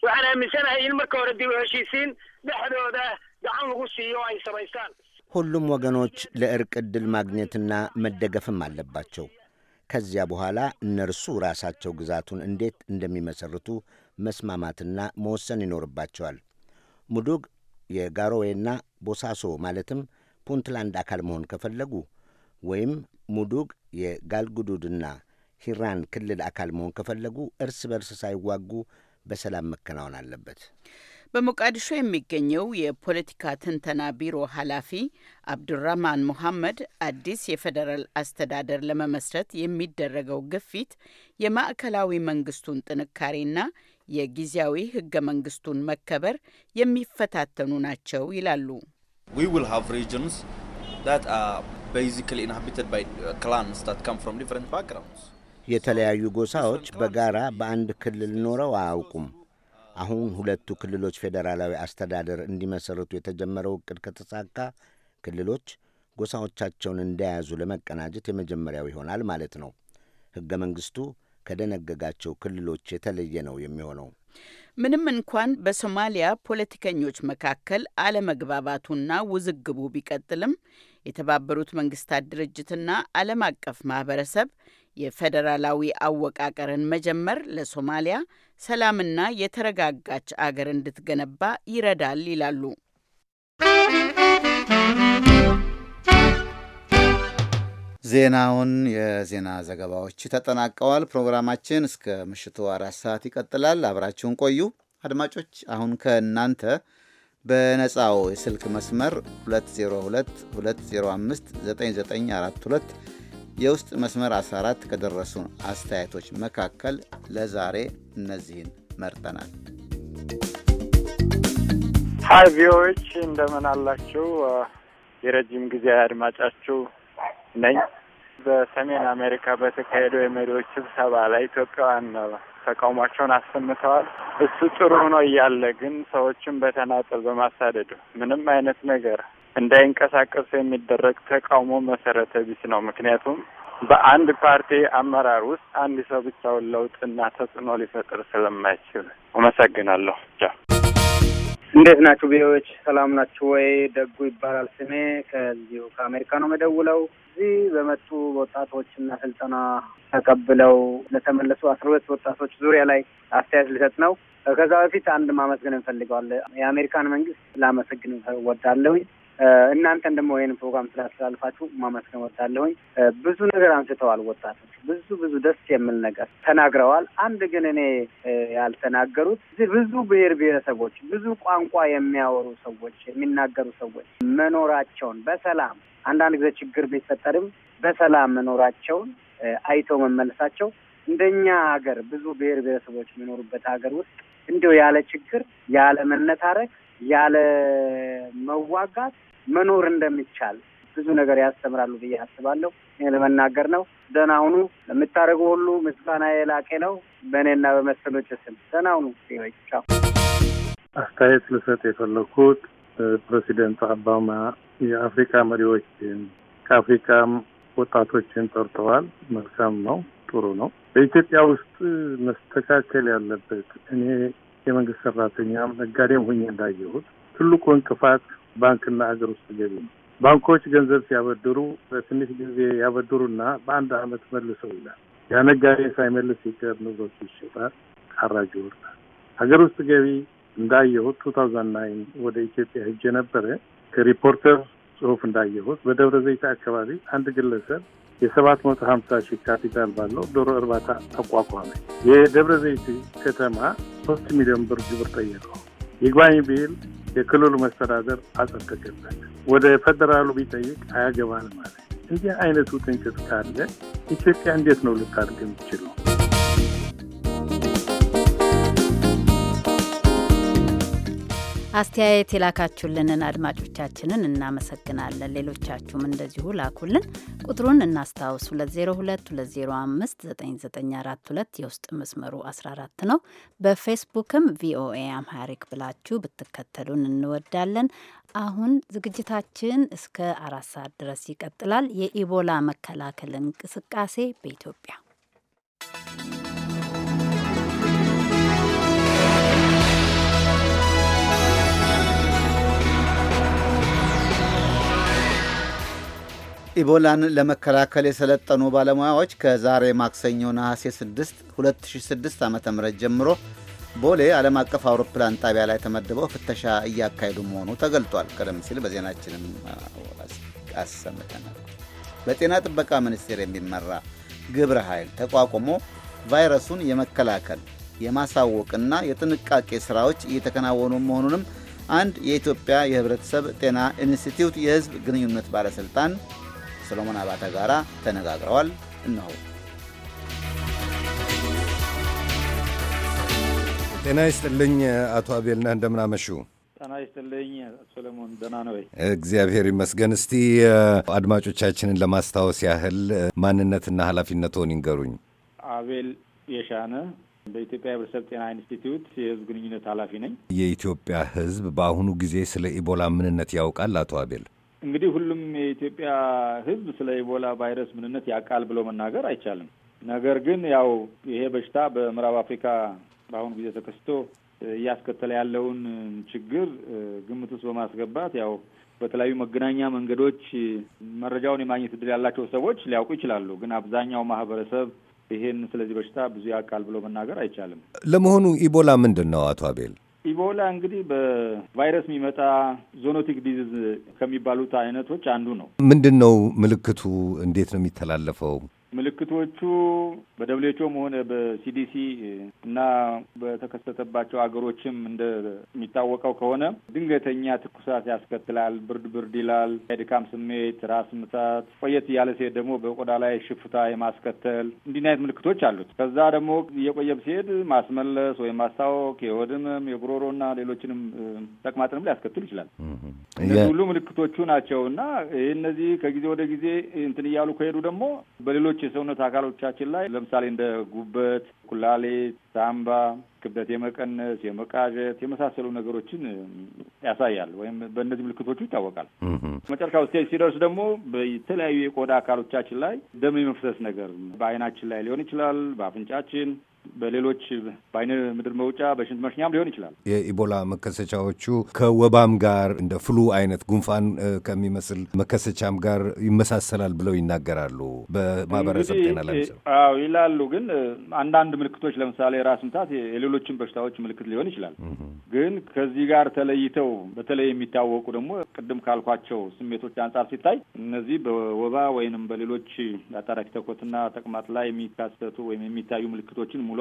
waxaan aaminsanahay in marka hore dib u heshiisiin dhexdooda gacan lagu siiyo ay samaystaan ሁሉም ወገኖች ለእርቅ ዕድል ማግኘትና መደገፍም አለባቸው። ከዚያ በኋላ እነርሱ ራሳቸው ግዛቱን እንዴት እንደሚመሠርቱ መስማማትና መወሰን ይኖርባቸዋል። ሙዱግ የጋሮዌና ቦሳሶ ማለትም ፑንትላንድ አካል መሆን ከፈለጉ ወይም ሙዱግ የጋልጉዱድና ሂራን ክልል አካል መሆን ከፈለጉ እርስ በርስ ሳይዋጉ በሰላም መከናወን አለበት። በሞቃዲሾ የሚገኘው የፖለቲካ ትንተና ቢሮ ኃላፊ አብዱራህማን ሙሐመድ አዲስ የፌዴራል አስተዳደር ለመመስረት የሚደረገው ግፊት የማዕከላዊ መንግስቱን ጥንካሬና የጊዜያዊ ህገ መንግስቱን መከበር የሚፈታተኑ ናቸው ይላሉ። ክላንስ ካም ፍሮም ዲፍረንት ባክግራውንድስ የተለያዩ ጎሳዎች በጋራ በአንድ ክልል ኖረው አያውቁም። አሁን ሁለቱ ክልሎች ፌዴራላዊ አስተዳደር እንዲመሰርቱ የተጀመረው እቅድ ከተሳካ ክልሎች ጎሳዎቻቸውን እንደያዙ ለመቀናጀት የመጀመሪያው ይሆናል ማለት ነው። ሕገ መንግሥቱ ከደነገጋቸው ክልሎች የተለየ ነው የሚሆነው። ምንም እንኳን በሶማሊያ ፖለቲከኞች መካከል አለመግባባቱና ውዝግቡ ቢቀጥልም የተባበሩት መንግስታት ድርጅትና ዓለም አቀፍ ማህበረሰብ የፌዴራላዊ አወቃቀርን መጀመር ለሶማሊያ ሰላምና የተረጋጋች አገር እንድትገነባ ይረዳል ይላሉ። ዜናውን የዜና ዘገባዎች ተጠናቀዋል። ፕሮግራማችን እስከ ምሽቱ አራት ሰዓት ይቀጥላል። አብራችሁን ቆዩ አድማጮች። አሁን ከእናንተ በነፃው የስልክ መስመር 2022059942 የውስጥ መስመር 14 ከደረሱን አስተያየቶች መካከል ለዛሬ እነዚህን መርጠናል። ሀይ ቪዎች እንደምን አላችሁ? የረጅም ጊዜ አድማጫችሁ ነኝ። በሰሜን አሜሪካ በተካሄደው የመሪዎች ስብሰባ ላይ ኢትዮጵያውያን ተቃውሟቸውን አሰምተዋል። እሱ ጥሩ ሆኖ እያለ ግን ሰዎችን በተናጠል በማሳደዱ ምንም አይነት ነገር እንዳይንቀሳቀሱ የሚደረግ ተቃውሞ መሰረተ ቢስ ነው። ምክንያቱም በአንድ ፓርቲ አመራር ውስጥ አንድ ሰው ብቻውን ለውጥና ተጽዕኖ ሊፈጥር ስለማይችል። አመሰግናለሁ። እንዴት ናችሁ ቪዎች? ሰላም ናችሁ ወይ? ደጉ ይባላል ስሜ። ከዚሁ ከአሜሪካ ነው መደውለው። እዚህ በመጡ ወጣቶችና ስልጠና ተቀብለው ለተመለሱ አስራ ሁለት ወጣቶች ዙሪያ ላይ አስተያየት ልሰጥ ነው። ከዛ በፊት አንድ ማመስገን እንፈልገዋል። የአሜሪካን መንግስት ላመሰግን ወዳለሁ። እናንተን ደግሞ ይህን ፕሮግራም ስላስተላልፋችሁ ማመስገን ወዳለሁኝ። ብዙ ነገር አንስተዋል ወጣቶች፣ ብዙ ብዙ ደስ የሚል ነገር ተናግረዋል። አንድ ግን እኔ ያልተናገሩት ብዙ ብሔር ብሔረሰቦች፣ ብዙ ቋንቋ የሚያወሩ ሰዎች፣ የሚናገሩ ሰዎች መኖራቸውን በሰላም አንዳንድ ጊዜ ችግር ቢፈጠርም በሰላም መኖራቸውን አይተው መመለሳቸው እንደኛ ሀገር ብዙ ብሔር ብሔረሰቦች የሚኖሩበት ሀገር ውስጥ እንዲሁ ያለ ችግር ያለ መነታረክ ያለ መዋጋት መኖር እንደሚቻል ብዙ ነገር ያስተምራሉ ብዬ አስባለሁ። ይህ ለመናገር ነው። ደህና ሁኑ። ለምታደርጉ ሁሉ ምስጋና የላቄ ነው በእኔና በመሰሎች ስም ደህና ሁኑ። ቻው። አስተያየት ልሰጥ የፈለኩት ፕሬዚደንት ኦባማ የአፍሪካ መሪዎችን ከአፍሪካም ወጣቶችን ጠርተዋል። መልካም ነው፣ ጥሩ ነው። በኢትዮጵያ ውስጥ መስተካከል ያለበት እኔ የመንግስት ሰራተኛም ነጋዴም ሁኝ እንዳየሁት ትልቁ እንቅፋት ባንክና ሀገር ውስጥ ገቢ ነው። ባንኮች ገንዘብ ሲያበድሩ በትንሽ ጊዜ ያበድሩና በአንድ አመት መልሰው ይላል። ያነጋዴ ሳይመልስ ሲቀር ንብረቱ ይሸጣል፣ አራጅ ይወርዳል። ሀገር ውስጥ ገቢ እንዳየሁት ቱ ታውዘንድ ናይን ወደ ኢትዮጵያ ሄጄ ነበረ። ከሪፖርተር ጽሁፍ እንዳየሁት በደብረ ዘይት አካባቢ አንድ ግለሰብ የሰባት መቶ ሀምሳ ሺህ ካፒታል ባለው ዶሮ እርባታ አቋቋመ። የደብረ ዘይት ከተማ ሶስት ሚሊዮን ብር ግብር ጠየቀው። ይግባኝ ቢል የክልሉ መስተዳደር አጸደቀበት። ወደ ፌዴራሉ ቢጠይቅ አያገባንም ማለት እንዲህ አይነቱ ጥንቅት ካለ ኢትዮጵያ እንዴት ነው ልታድግ የምችለው? አስተያየት የላካችሁልንን አድማጮቻችንን እናመሰግናለን። ሌሎቻችሁም እንደዚሁ ላኩልን። ቁጥሩን እናስታውስ፣ 2022059942 የውስጥ መስመሩ 14 ነው። በፌስቡክም ቪኦኤ አምሃሪክ ብላችሁ ብትከተሉን እንወዳለን። አሁን ዝግጅታችን እስከ አራት ሰዓት ድረስ ይቀጥላል። የኢቦላ መከላከል እንቅስቃሴ በኢትዮጵያ ኢቦላን ለመከላከል የሰለጠኑ ባለሙያዎች ከዛሬ ማክሰኞ ነሐሴ 6 2006 ዓ ም ጀምሮ ቦሌ ዓለም አቀፍ አውሮፕላን ጣቢያ ላይ ተመድበው ፍተሻ እያካሄዱ መሆኑ ተገልጧል። ቀደም ሲል በዜናችንም አሰምተናል። በጤና ጥበቃ ሚኒስቴር የሚመራ ግብረ ኃይል ተቋቁሞ ቫይረሱን የመከላከል የማሳወቅና የጥንቃቄ ስራዎች እየተከናወኑ መሆኑንም አንድ የኢትዮጵያ የሕብረተሰብ ጤና ኢንስቲትዩት የሕዝብ ግንኙነት ባለሥልጣን ሰሎሞን አባተ ጋር ተነጋግረዋል። እነሆ። ጤና ይስጥልኝ አቶ አቤልና እንደምናመሹ። ጤና ይስጥልኝ ሰለሞን፣ ደህና ነው ወይ? እግዚአብሔር ይመስገን። እስቲ አድማጮቻችንን ለማስታወስ ያህል ማንነትና ኃላፊነትዎን ይንገሩኝ። አቤል የሻነ በኢትዮጵያ ሕብረተሰብ ጤና ኢንስቲትዩት የህዝብ ግንኙነት ኃላፊ ነኝ። የኢትዮጵያ ሕዝብ በአሁኑ ጊዜ ስለ ኢቦላ ምንነት ያውቃል አቶ አቤል? እንግዲህ ሁሉም የኢትዮጵያ ሕዝብ ስለ ኢቦላ ቫይረስ ምንነት ያውቃል ብሎ መናገር አይቻልም። ነገር ግን ያው ይሄ በሽታ በምዕራብ አፍሪካ በአሁኑ ጊዜ ተከስቶ እያስከተለ ያለውን ችግር ግምት ውስጥ በማስገባት ያው በተለያዩ መገናኛ መንገዶች መረጃውን የማግኘት እድል ያላቸው ሰዎች ሊያውቁ ይችላሉ። ግን አብዛኛው ማህበረሰብ ይሄን ስለዚህ በሽታ ብዙ ያውቃል ብሎ መናገር አይቻልም። ለመሆኑ ኢቦላ ምንድን ነው አቶ አቤል? ኢቦላ እንግዲህ በቫይረስ የሚመጣ ዞኖቲክ ዲዚዝ ከሚባሉት አይነቶች አንዱ ነው። ምንድን ነው ምልክቱ? እንዴት ነው የሚተላለፈው? ምልክቶቹ በደብሌቾም ሆነ በሲዲሲ እና በተከሰተባቸው አገሮችም እንደሚታወቀው ከሆነ ድንገተኛ ትኩሳት ያስከትላል። ብርድ ብርድ ይላል፣ የድካም ስሜት፣ ራስ ምታት፣ ቆየት እያለ ሲሄድ ደግሞ በቆዳ ላይ ሽፍታ የማስከተል እንዲህ አይነት ምልክቶች አሉት። ከዛ ደግሞ እየቆየም ሲሄድ ማስመለስ ወይም ማስታወክ፣ የጉሮሮ የጉሮሮና ሌሎችንም ተቅማጥንም ሊያስከትሉ ይችላል። እነዚህ ሁሉ ምልክቶቹ ናቸው እና ይህ እነዚህ ከጊዜ ወደ ጊዜ እንትን እያሉ ከሄዱ ደግሞ በሌሎች ሌሎች የሰውነት አካሎቻችን ላይ ለምሳሌ እንደ ጉበት፣ ኩላሊት፣ ሳምባ ክብደት የመቀነስ የመቃዠት የመሳሰሉ ነገሮችን ያሳያል ወይም በእነዚህ ምልክቶቹ ይታወቃል። መጨረሻው ስቴጅ ሲደርስ ደግሞ በተለያዩ የቆዳ አካሎቻችን ላይ ደም የመፍሰስ ነገር በአይናችን ላይ ሊሆን ይችላል፣ በአፍንጫችን፣ በሌሎች በአይነ ምድር መውጫ በሽንት መሽኛም ሊሆን ይችላል። የኢቦላ መከሰቻዎቹ ከወባም ጋር እንደ ፍሉ አይነት ጉንፋን ከሚመስል መከሰቻም ጋር ይመሳሰላል ብለው ይናገራሉ። በማህበረሰብ ጤና ላይ ይላሉ። ግን አንዳንድ ምልክቶች ለምሳሌ ራስ ምታት የሌሎችን በሽታዎች ምልክት ሊሆን ይችላል። ግን ከዚህ ጋር ተለይተው በተለይ የሚታወቁ ደግሞ ቅድም ካልኳቸው ስሜቶች አንጻር ሲታይ እነዚህ በወባ ወይንም በሌሎች አጣዳፊ ተኮትና ተቅማጥ ላይ የሚካሰቱ ወይም የሚታዩ ምልክቶችን ሙሉ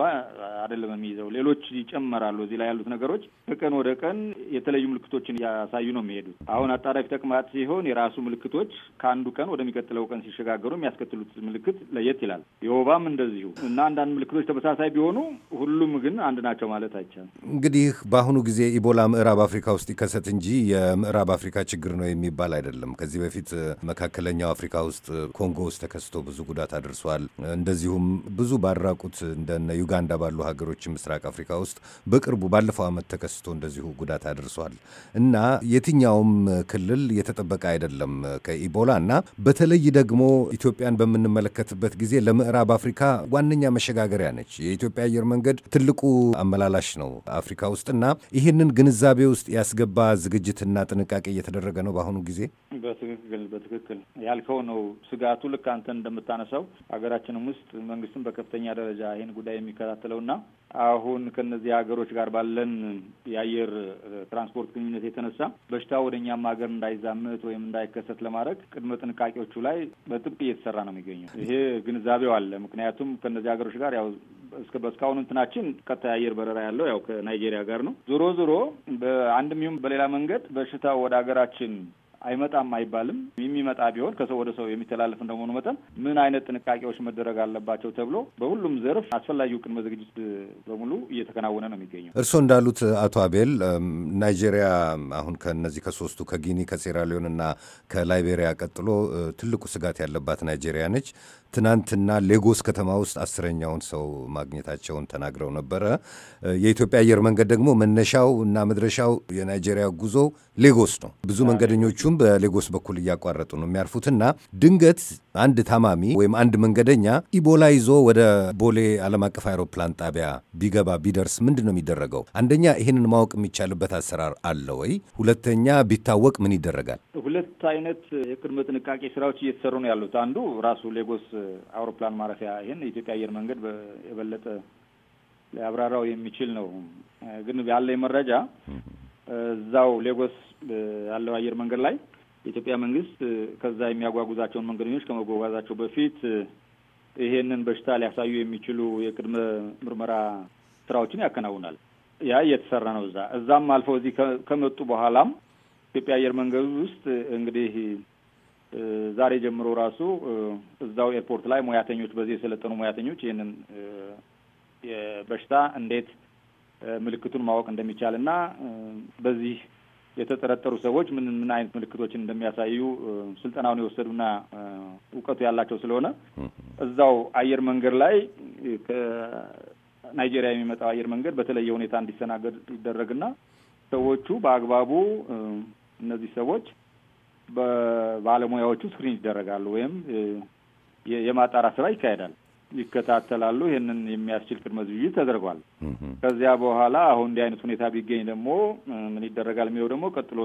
አይደለም የሚይዘው፣ ሌሎች ይጨመራሉ። እዚህ ላይ ያሉት ነገሮች ከቀን ወደ ቀን የተለዩ ምልክቶችን እያሳዩ ነው የሚሄዱት። አሁን አጣዳፊ ተቅማጥ ሲሆን የራሱ ምልክቶች ከአንዱ ቀን ወደሚቀጥለው ቀን ሲሸጋገሩ የሚያስከትሉት ምልክት ለየት ይላል። የወባም እንደዚሁ እና አንዳንድ ምልክቶች ተመሳሳይ ቢሆኑ ሁሉም ግን አንድ ናቸው ማለት አይቻልም። እንግዲህ በአሁኑ ጊዜ ኢቦላ ምዕራብ አፍሪካ ውስጥ ይከሰት እንጂ የምዕራብ አፍሪካ ችግር ነው የሚባል አይደለም። ከዚህ በፊት መካከለኛው አፍሪካ ውስጥ ኮንጎ ውስጥ ተከስቶ ብዙ ጉዳት አድርሷል። እንደዚሁም ብዙ ባራቁት እንደነ ዩጋንዳ ባሉ ሀገሮች ምስራቅ አፍሪካ ውስጥ በቅርቡ ባለፈው ዓመት ተከስቶ እንደዚሁ ጉዳት አድርሷል እና የትኛውም ክልል የተጠበቀ አይደለም ከኢቦላ እና በተለይ ደግሞ ኢትዮጵያን በምንመለከትበት ጊዜ ለምዕራብ አፍሪካ ዋነኛ መሸጋገሪያ ነች። የኢትዮጵያ አየር መንገድ ትልቁ አመላላሽ ነው አፍሪካ ውስጥ እና ይህንን ግንዛቤ ውስጥ ያስገባ ዝግጅትና ጥንቃቄ እየተደረገ ነው በአሁኑ ጊዜ። በትክክል በትክክል ያልከው ነው። ስጋቱ ልክ አንተን እንደምታነሳው ሀገራችንም ውስጥ መንግስትም በከፍተኛ ደረጃ ይህን ጉዳይ የሚ የሚከታተለው እና አሁን ከነዚህ ሀገሮች ጋር ባለን የአየር ትራንስፖርት ግንኙነት የተነሳ በሽታው ወደ እኛም ሀገር እንዳይዛመት ወይም እንዳይከሰት ለማድረግ ቅድመ ጥንቃቄዎቹ ላይ በጥብቅ እየተሰራ ነው የሚገኘው። ይሄ ግንዛቤው አለ። ምክንያቱም ከነዚህ ሀገሮች ጋር ያው እስከ በእስካሁኑ እንትናችን ቀጥታ የአየር በረራ ያለው ያው ከናይጄሪያ ጋር ነው። ዞሮ ዞሮ በአንድም ይሁን በሌላ መንገድ በሽታው ወደ ሀገራችን አይመጣም አይባልም። የሚመጣ ቢሆን ከሰው ወደ ሰው የሚተላለፍ እንደመሆኑ መጠን ምን አይነት ጥንቃቄዎች መደረግ አለባቸው ተብሎ በሁሉም ዘርፍ አስፈላጊው ቅድመ ዝግጅት በሙሉ እየተከናወነ ነው የሚገኘው። እርስዎ እንዳሉት አቶ አቤል ናይጄሪያ አሁን ከነዚህ ከሶስቱ ከጊኒ ከሴራሊዮን እና ከላይቤሪያ ቀጥሎ ትልቁ ስጋት ያለባት ናይጄሪያ ነች። ትናንትና ሌጎስ ከተማ ውስጥ አስረኛውን ሰው ማግኘታቸውን ተናግረው ነበረ። የኢትዮጵያ አየር መንገድ ደግሞ መነሻው እና መድረሻው የናይጄሪያ ጉዞ ሌጎስ ነው። ብዙ መንገደኞቹም በሌጎስ በኩል እያቋረጡ ነው የሚያርፉትና ድንገት አንድ ታማሚ ወይም አንድ መንገደኛ ኢቦላ ይዞ ወደ ቦሌ ዓለም አቀፍ አውሮፕላን ጣቢያ ቢገባ ቢደርስ ምንድን ነው የሚደረገው? አንደኛ ይህንን ማወቅ የሚቻልበት አሰራር አለ ወይ? ሁለተኛ ቢታወቅ ምን ይደረጋል? ሁለት አይነት የቅድመ ጥንቃቄ ስራዎች እየተሰሩ ነው ያሉት። አንዱ ራሱ ሌጎስ አውሮፕላን ማረፊያ ይህን የኢትዮጵያ አየር መንገድ የበለጠ ሊያብራራው የሚችል ነው። ግን ያለኝ መረጃ እዛው ሌጎስ ያለው አየር መንገድ ላይ የኢትዮጵያ መንግስት ከዛ የሚያጓጉዛቸውን መንገደኞች ከመጓጓዛቸው በፊት ይሄንን በሽታ ሊያሳዩ የሚችሉ የቅድመ ምርመራ ስራዎችን ያከናውናል። ያ እየተሰራ ነው። እዛ እዛም አልፈው እዚህ ከመጡ በኋላም ኢትዮጵያ አየር መንገድ ውስጥ እንግዲህ ዛሬ ጀምሮ ራሱ እዛው ኤርፖርት ላይ ሙያተኞች በዚህ የሰለጠኑ ሙያተኞች ይህንን በሽታ እንዴት ምልክቱን ማወቅ እንደሚቻል እና በዚህ የተጠረጠሩ ሰዎች ምን ምን አይነት ምልክቶችን እንደሚያሳዩ ስልጠናውን የወሰዱና እውቀቱ ያላቸው ስለሆነ እዛው አየር መንገድ ላይ ከናይጄሪያ የሚመጣው አየር መንገድ በተለየ ሁኔታ እንዲሰናገድ ይደረግና ሰዎቹ በአግባቡ እነዚህ ሰዎች በባለሙያዎቹ ስክሪን ይደረጋሉ ወይም የማጣራት ስራ ይካሄዳል። ይከታተላሉ። ይህንን የሚያስችል ቅድመ ዝግጅት ተደርጓል። ከዚያ በኋላ አሁን እንዲህ አይነት ሁኔታ ቢገኝ ደግሞ ምን ይደረጋል የሚለው ደግሞ ቀጥሎ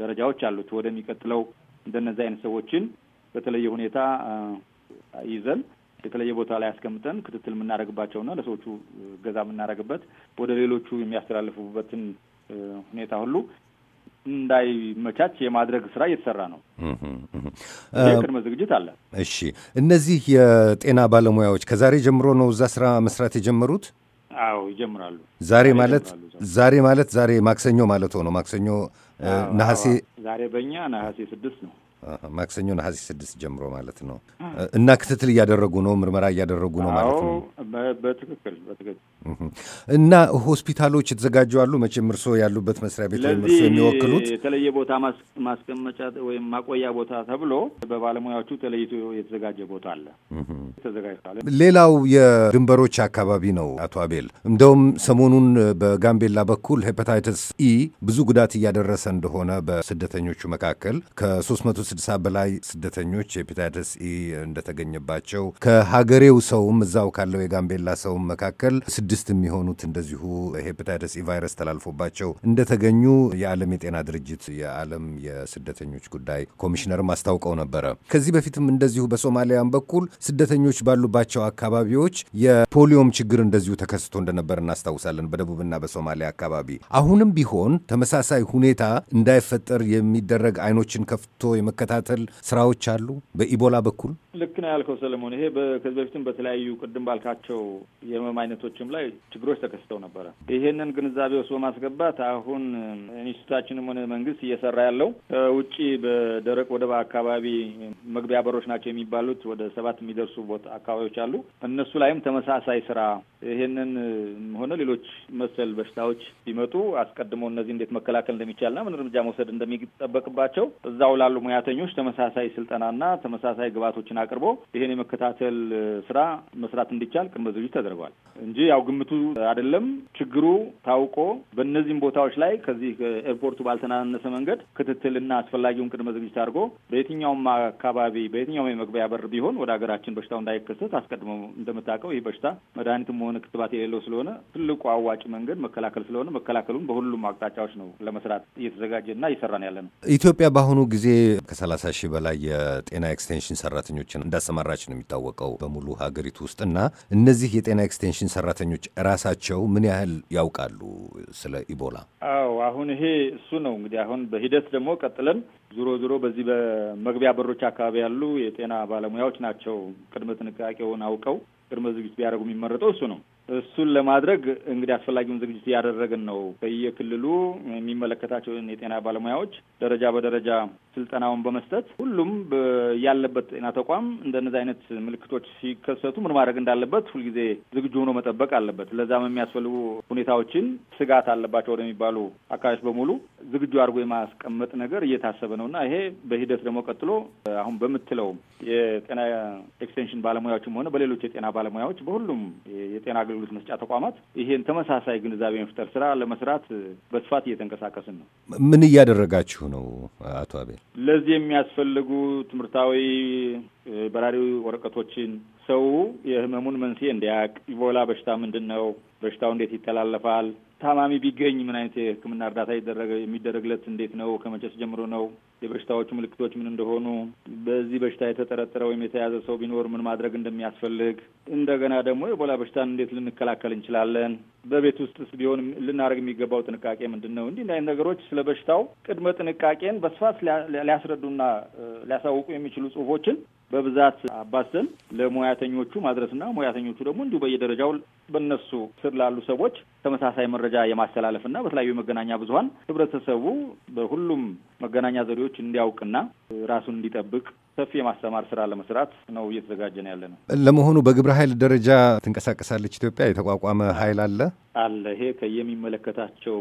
ደረጃዎች አሉት። ወደሚቀጥለው እንደነዚህ አይነት ሰዎችን በተለየ ሁኔታ ይዘን የተለየ ቦታ ላይ ያስቀምጠን ክትትል የምናደርግባቸውና ለሰዎቹ ገዛ የምናደርግበት ወደ ሌሎቹ የሚያስተላልፉበትን ሁኔታ ሁሉ እንዳይመቻች የማድረግ ስራ እየተሰራ ነው። የቅድመ ዝግጅት አለ። እሺ፣ እነዚህ የጤና ባለሙያዎች ከዛሬ ጀምሮ ነው እዛ ስራ መስራት የጀመሩት? አዎ፣ ይጀምራሉ። ዛሬ ማለት ዛሬ ማለት ዛሬ ማክሰኞ ማለት ሆኖ ማክሰኞ ነሐሴ ዛሬ በእኛ ነሐሴ ስድስት ነው። ማክሰኞ ነሐሴ ስድስት ጀምሮ ማለት ነው እና ክትትል እያደረጉ ነው፣ ምርመራ እያደረጉ ነው ማለት ነው። በትክክል በትክክል እና ሆስፒታሎች የተዘጋጁ አሉ። መቼም እርስዎ ያሉበት መስሪያ ቤት ወይም እርስዎ የሚወክሉት የተለየ ቦታ ማስቀመጫ ወይም ማቆያ ቦታ ተብሎ በባለሙያዎቹ ተለይቶ የተዘጋጀ ቦታ አለ፣ ተዘጋጅቷል። ሌላው የድንበሮች አካባቢ ነው። አቶ አቤል እንደውም ሰሞኑን በጋምቤላ በኩል ሄፓታይተስ ኢ ብዙ ጉዳት እያደረሰ እንደሆነ በስደተኞቹ መካከል መቶ ከ በላይ ስደተኞች ሄፓታይተስ ኢ እንደተገኘባቸው ከሀገሬው ሰውም እዛው ካለው የጋምቤላ ሰውም መካከል ስድስት የሚሆኑት እንደዚሁ ሄፒታይተስ ኢ ቫይረስ ተላልፎባቸው እንደተገኙ የዓለም የጤና ድርጅት የዓለም የስደተኞች ጉዳይ ኮሚሽነርም አስታውቀው ነበረ። ከዚህ በፊትም እንደዚሁ በሶማሊያም በኩል ስደተኞች ባሉባቸው አካባቢዎች የፖሊዮም ችግር እንደዚሁ ተከስቶ እንደነበር እናስታውሳለን። በደቡብና በሶማሊያ አካባቢ አሁንም ቢሆን ተመሳሳይ ሁኔታ እንዳይፈጠር የሚደረግ አይኖችን ከፍቶ የመከ የመከታተል ስራዎች አሉ በኢቦላ በኩል። ልክ ነው ያልከው ሰለሞን። ይሄ ከዚህ በፊትም በተለያዩ ቅድም ባልካቸው የህመም አይነቶችም ላይ ችግሮች ተከስተው ነበረ። ይሄንን ግንዛቤ ውስጥ በማስገባት አሁን ኢንስቲቱታችንም ሆነ መንግስት እየሰራ ያለው ውጭ በደረቅ ወደብ አካባቢ መግቢያ በሮች ናቸው የሚባሉት ወደ ሰባት የሚደርሱ ቦታ አካባቢዎች አሉ። እነሱ ላይም ተመሳሳይ ስራ ይሄንን ሆነ ሌሎች መሰል በሽታዎች ቢመጡ አስቀድሞ እነዚህ እንዴት መከላከል እንደሚቻልና ምን እርምጃ መውሰድ እንደሚጠበቅባቸው እዛው ላሉ ሙያተ ሰራተኞች ተመሳሳይ ስልጠናና ተመሳሳይ ግብዓቶችን አቅርቦ ይሄን የመከታተል ስራ መስራት እንዲቻል ቅድመ ዝግጅት ተደርጓል እንጂ ያው ግምቱ አይደለም። ችግሩ ታውቆ በእነዚህም ቦታዎች ላይ ከዚህ ኤርፖርቱ ባልተናነሰ መንገድ ክትትልና አስፈላጊውን ቅድመ ዝግጅት አድርጎ በየትኛውም አካባቢ በየትኛውም የመግቢያ በር ቢሆን ወደ ሀገራችን በሽታው እንዳይከሰት አስቀድሞ እንደምታውቀው ይህ በሽታ መድኃኒትም ሆነ ክትባት የሌለው ስለሆነ ትልቁ አዋጭ መንገድ መከላከል ስለሆነ መከላከሉን በሁሉም አቅጣጫዎች ነው ለመስራት እየተዘጋጀና እየሰራን ያለ ነው። ኢትዮጵያ በአሁኑ ጊዜ ከሰላሳ ሺህ በላይ የጤና ኤክስቴንሽን ሰራተኞችን እንዳሰማራች ነው የሚታወቀው በሙሉ ሀገሪቱ ውስጥ እና እነዚህ የጤና ኤክስቴንሽን ሰራተኞች ራሳቸው ምን ያህል ያውቃሉ ስለ ኢቦላ? አዎ አሁን ይሄ እሱ ነው እንግዲህ አሁን በሂደት ደግሞ ቀጥለን ዞሮ ዞሮ በዚህ በመግቢያ በሮች አካባቢ ያሉ የጤና ባለሙያዎች ናቸው ቅድመ ጥንቃቄውን አውቀው ቅድመ ዝግጅት ቢያደርጉ የሚመረጠው እሱ ነው። እሱን ለማድረግ እንግዲህ አስፈላጊውን ዝግጅት እያደረግን ነው። በየክልሉ የሚመለከታቸውን የጤና ባለሙያዎች ደረጃ በደረጃ ስልጠናውን በመስጠት ሁሉም ያለበት ጤና ተቋም እንደነዚህ አይነት ምልክቶች ሲከሰቱ ምን ማድረግ እንዳለበት ሁልጊዜ ዝግጁ ሆኖ መጠበቅ አለበት። ለዛም የሚያስፈልጉ ሁኔታዎችን ስጋት አለባቸው ወደሚባሉ አካባቢዎች በሙሉ ዝግጁ አድርጎ የማስቀመጥ ነገር እየታሰበ ነው እና ይሄ በሂደት ደግሞ ቀጥሎ አሁን በምትለው የጤና ኤክስቴንሽን ባለሙያዎችም ሆነ በሌሎች የጤና ባለሙያዎች በሁሉም የጤና አገልግሎት መስጫ ተቋማት ይሄን ተመሳሳይ ግንዛቤ መፍጠር ስራ ለመስራት በስፋት እየተንቀሳቀስን ነው። ምን እያደረጋችሁ ነው አቶ አቤል? ለዚህ የሚያስፈልጉ ትምህርታዊ በራሪ ወረቀቶችን ሰው የህመሙን መንስኤ እንዲያውቅ ኢቦላ በሽታ ምንድን ነው፣ በሽታው እንዴት ይተላለፋል ታማሚ ቢገኝ ምን አይነት የሕክምና እርዳታ ይደረገ የሚደረግለት እንዴት ነው? ከመቼስ ጀምሮ ነው? የበሽታዎቹ ምልክቶች ምን እንደሆኑ፣ በዚህ በሽታ የተጠረጠረ ወይም የተያዘ ሰው ቢኖር ምን ማድረግ እንደሚያስፈልግ፣ እንደገና ደግሞ የኢቦላ በሽታን እንዴት ልንከላከል እንችላለን፣ በቤት ውስጥ ቢሆን ልናደርግ የሚገባው ጥንቃቄ ምንድን ነው? እንዲህ አይነት ነገሮች ስለ በሽታው ቅድመ ጥንቃቄን በስፋት ሊያስረዱና ሊያሳውቁ የሚችሉ ጽሁፎችን በብዛት አባዝተን ለሙያተኞቹ ማድረስና ሙያተኞቹ ደግሞ እንዲሁ በየደረጃው በነሱ ስር ላሉ ሰዎች ተመሳሳይ መረጃ የማስተላለፍና በተለያዩ መገናኛ ብዙኃን ህብረተሰቡ በሁሉም መገናኛ ዘዴዎች እንዲያውቅና ራሱን እንዲጠብቅ ሰፊ የማስተማር ስራ ለመስራት ነው እየተዘጋጀን ያለ ነው። ለመሆኑ በግብረ ኃይል ደረጃ ትንቀሳቀሳለች ኢትዮጵያ? የተቋቋመ ኃይል አለ አለ። ይሄ ከየሚመለከታቸው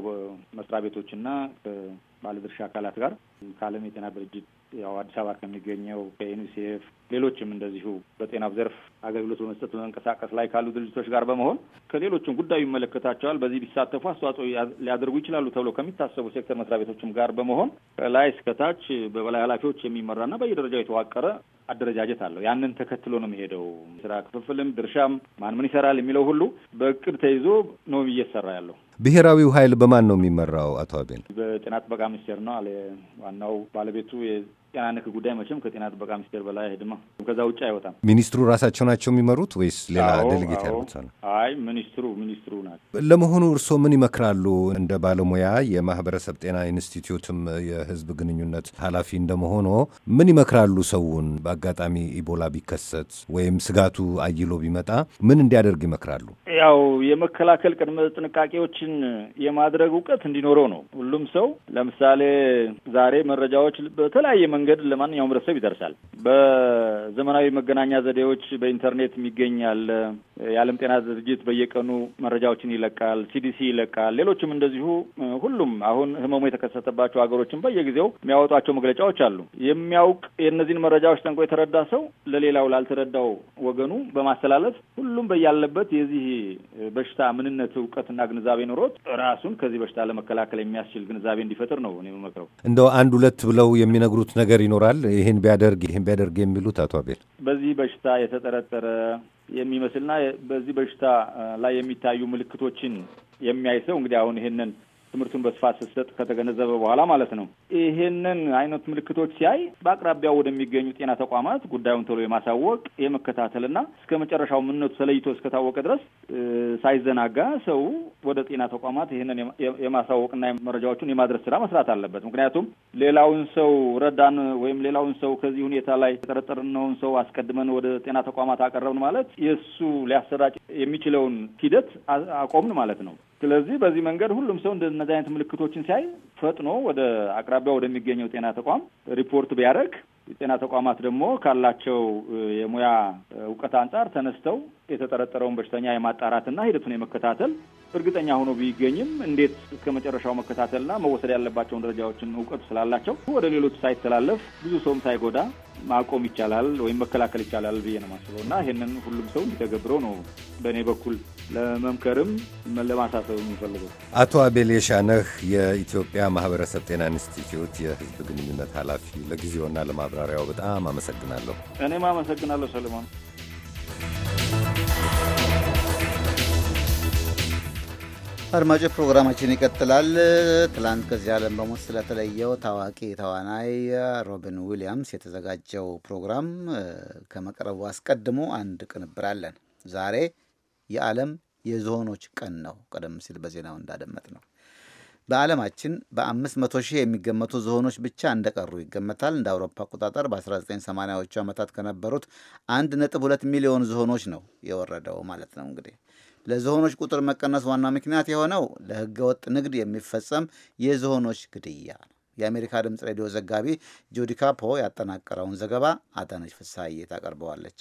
መስሪያ ቤቶችና ከባለድርሻ አካላት ጋር ከዓለም የጤና ድርጅት ያው አዲስ አበባ ከሚገኘው ከዩኒሴፍ ሌሎችም እንደዚሁ በጤና ዘርፍ አገልግሎት በመስጠት በመንቀሳቀስ ላይ ካሉ ድርጅቶች ጋር በመሆን ከሌሎችም ጉዳዩ ይመለከታቸዋል፣ በዚህ ቢሳተፉ አስተዋጽኦ ሊያደርጉ ይችላሉ ተብሎ ከሚታሰቡ ሴክተር መስሪያ ቤቶችም ጋር በመሆን ከላይ እስከታች በበላይ ኃላፊዎች የሚመራና በየደረጃው የተዋቀረ አደረጃጀት አለው። ያንን ተከትሎ ነው የሚሄደው። ስራ ክፍፍልም ድርሻም ማን ምን ይሰራል የሚለው ሁሉ በእቅድ ተይዞ ነው እየሰራ ያለው። ብሔራዊው ኃይል በማን ነው የሚመራው? አቶ አቤን በጤና ጥበቃ ሚኒስቴር ነው ዋናው ባለቤቱ ጤና ነክ ጉዳይ መቼም ከጤና ጥበቃ ሚኒስቴር በላይ አይሄድማ። ከዛ ውጭ አይወጣም። ሚኒስትሩ ራሳቸው ናቸው የሚመሩት ወይስ ሌላ ደልጌት ያሉት? አይ ሚኒስትሩ ሚኒስትሩ ናቸው። ለመሆኑ እርስዎ ምን ይመክራሉ? እንደ ባለሙያ የማህበረሰብ ጤና ኢንስቲትዩትም የህዝብ ግንኙነት ኃላፊ እንደመሆኖ ምን ይመክራሉ? ሰውን በአጋጣሚ ኢቦላ ቢከሰት ወይም ስጋቱ አይሎ ቢመጣ ምን እንዲያደርግ ይመክራሉ? ያው የመከላከል ቅድመ ጥንቃቄዎችን የማድረግ እውቀት እንዲኖረው ነው ሁሉም ሰው። ለምሳሌ ዛሬ መረጃዎች በተለያየ መንገድ ለማንኛውም ህብረተሰብ ይደርሳል። በዘመናዊ መገናኛ ዘዴዎች በኢንተርኔት የሚገኛል የዓለም ጤና ድርጅት በየቀኑ መረጃዎችን ይለቃል። ሲዲሲ ይለቃል። ሌሎችም እንደዚሁ ሁሉም አሁን ህመሙ የተከሰተባቸው ሀገሮችን በየጊዜው የሚያወጧቸው መግለጫዎች አሉ። የሚያውቅ የእነዚህን መረጃዎች ጠንቆ የተረዳ ሰው ለሌላው ላልተረዳው ወገኑ በማስተላለፍ ሁሉም በያለበት የዚህ በሽታ ምንነት እውቀትና ግንዛቤ ኖሮት ራሱን ከዚህ በሽታ ለመከላከል የሚያስችል ግንዛቤ እንዲፈጥር ነው እኔ መክረው። እንደው አንድ ሁለት ብለው የሚነግሩት ነገር ይኖራል? ይህን ቢያደርግ ይህን ቢያደርግ የሚሉት አቶ አቤል በዚህ በሽታ የተጠረጠረ የሚመስልና በዚህ በሽታ ላይ የሚታዩ ምልክቶችን የሚያይ ሰው እንግዲህ አሁን ይህንን ትምህርቱን በስፋት ስትሰጥ ከተገነዘበ በኋላ ማለት ነው። ይሄንን አይነት ምልክቶች ሲያይ በአቅራቢያው ወደሚገኙ ጤና ተቋማት ጉዳዩን ቶሎ የማሳወቅ የመከታተልና እስከ መጨረሻው ምነቱ ተለይቶ እስከታወቀ ድረስ ሳይዘናጋ ሰው ወደ ጤና ተቋማት ይህንን የማሳወቅና መረጃዎቹን የማድረስ ስራ መስራት አለበት። ምክንያቱም ሌላውን ሰው ረዳን ወይም ሌላውን ሰው ከዚህ ሁኔታ ላይ የጠረጠርነውን ሰው አስቀድመን ወደ ጤና ተቋማት አቀረብን ማለት የእሱ ሊያሰራጭ የሚችለውን ሂደት አቆምን ማለት ነው። ስለዚህ በዚህ መንገድ ሁሉም ሰው እንደነዚህ አይነት ምልክቶችን ሲያይ ፈጥኖ ወደ አቅራቢያ ወደሚገኘው ጤና ተቋም ሪፖርት ቢያደርግ የጤና ተቋማት ደግሞ ካላቸው የሙያ እውቀት አንጻር ተነስተው የተጠረጠረውን በሽተኛ የማጣራትና ሂደቱን የመከታተል እርግጠኛ ሆኖ ቢገኝም እንዴት እስከ መጨረሻው መከታተልና መወሰድ ያለባቸውን ደረጃዎችን እውቀቱ ስላላቸው ወደ ሌሎች ሳይተላለፍ ብዙ ሰውም ሳይጎዳ ማቆም ይቻላል ወይም መከላከል ይቻላል ብዬ ነው ማስበው እና ይህንን ሁሉም ሰው እንዲተገብረው ነው በእኔ በኩል ለመምከርም ለማሳሰብ የሚፈልገው። አቶ አቤል የሻነህ የኢትዮጵያ ማህበረሰብ ጤና ኢንስቲትዩት የህዝብ ግንኙነት ኃላፊ፣ ለጊዜውና ለማብራ ለማብራሪያው በጣም አመሰግናለሁ። እኔም አመሰግናለሁ ሰለሞን። አድማጮች ፕሮግራማችን ይቀጥላል። ትላንት ከዚህ ዓለም በሞት ስለተለየው ታዋቂ ተዋናይ ሮቢን ዊሊያምስ የተዘጋጀው ፕሮግራም ከመቅረቡ አስቀድሞ አንድ ቅንብር አለን። ዛሬ የዓለም የዝሆኖች ቀን ነው። ቀደም ሲል በዜናው እንዳደመጥ ነው። በዓለማችን በ500 ሺህ የሚገመቱ ዝሆኖች ብቻ እንደቀሩ ይገመታል። እንደ አውሮፓ አቆጣጠር በ1980ዎቹ ዓመታት ከነበሩት 1.2 ሚሊዮን ዝሆኖች ነው የወረደው ማለት ነው። እንግዲህ ለዝሆኖች ቁጥር መቀነስ ዋና ምክንያት የሆነው ወጥ ንግድ የሚፈጸም የዝሆኖች ግድያ ነው። የአሜሪካ ድምፅ ሬዲዮ ዘጋቢ ጆዲ ካፖ ያጠናቀረውን ዘገባ አዳነች ፍሳዬ ታቀርበዋለች።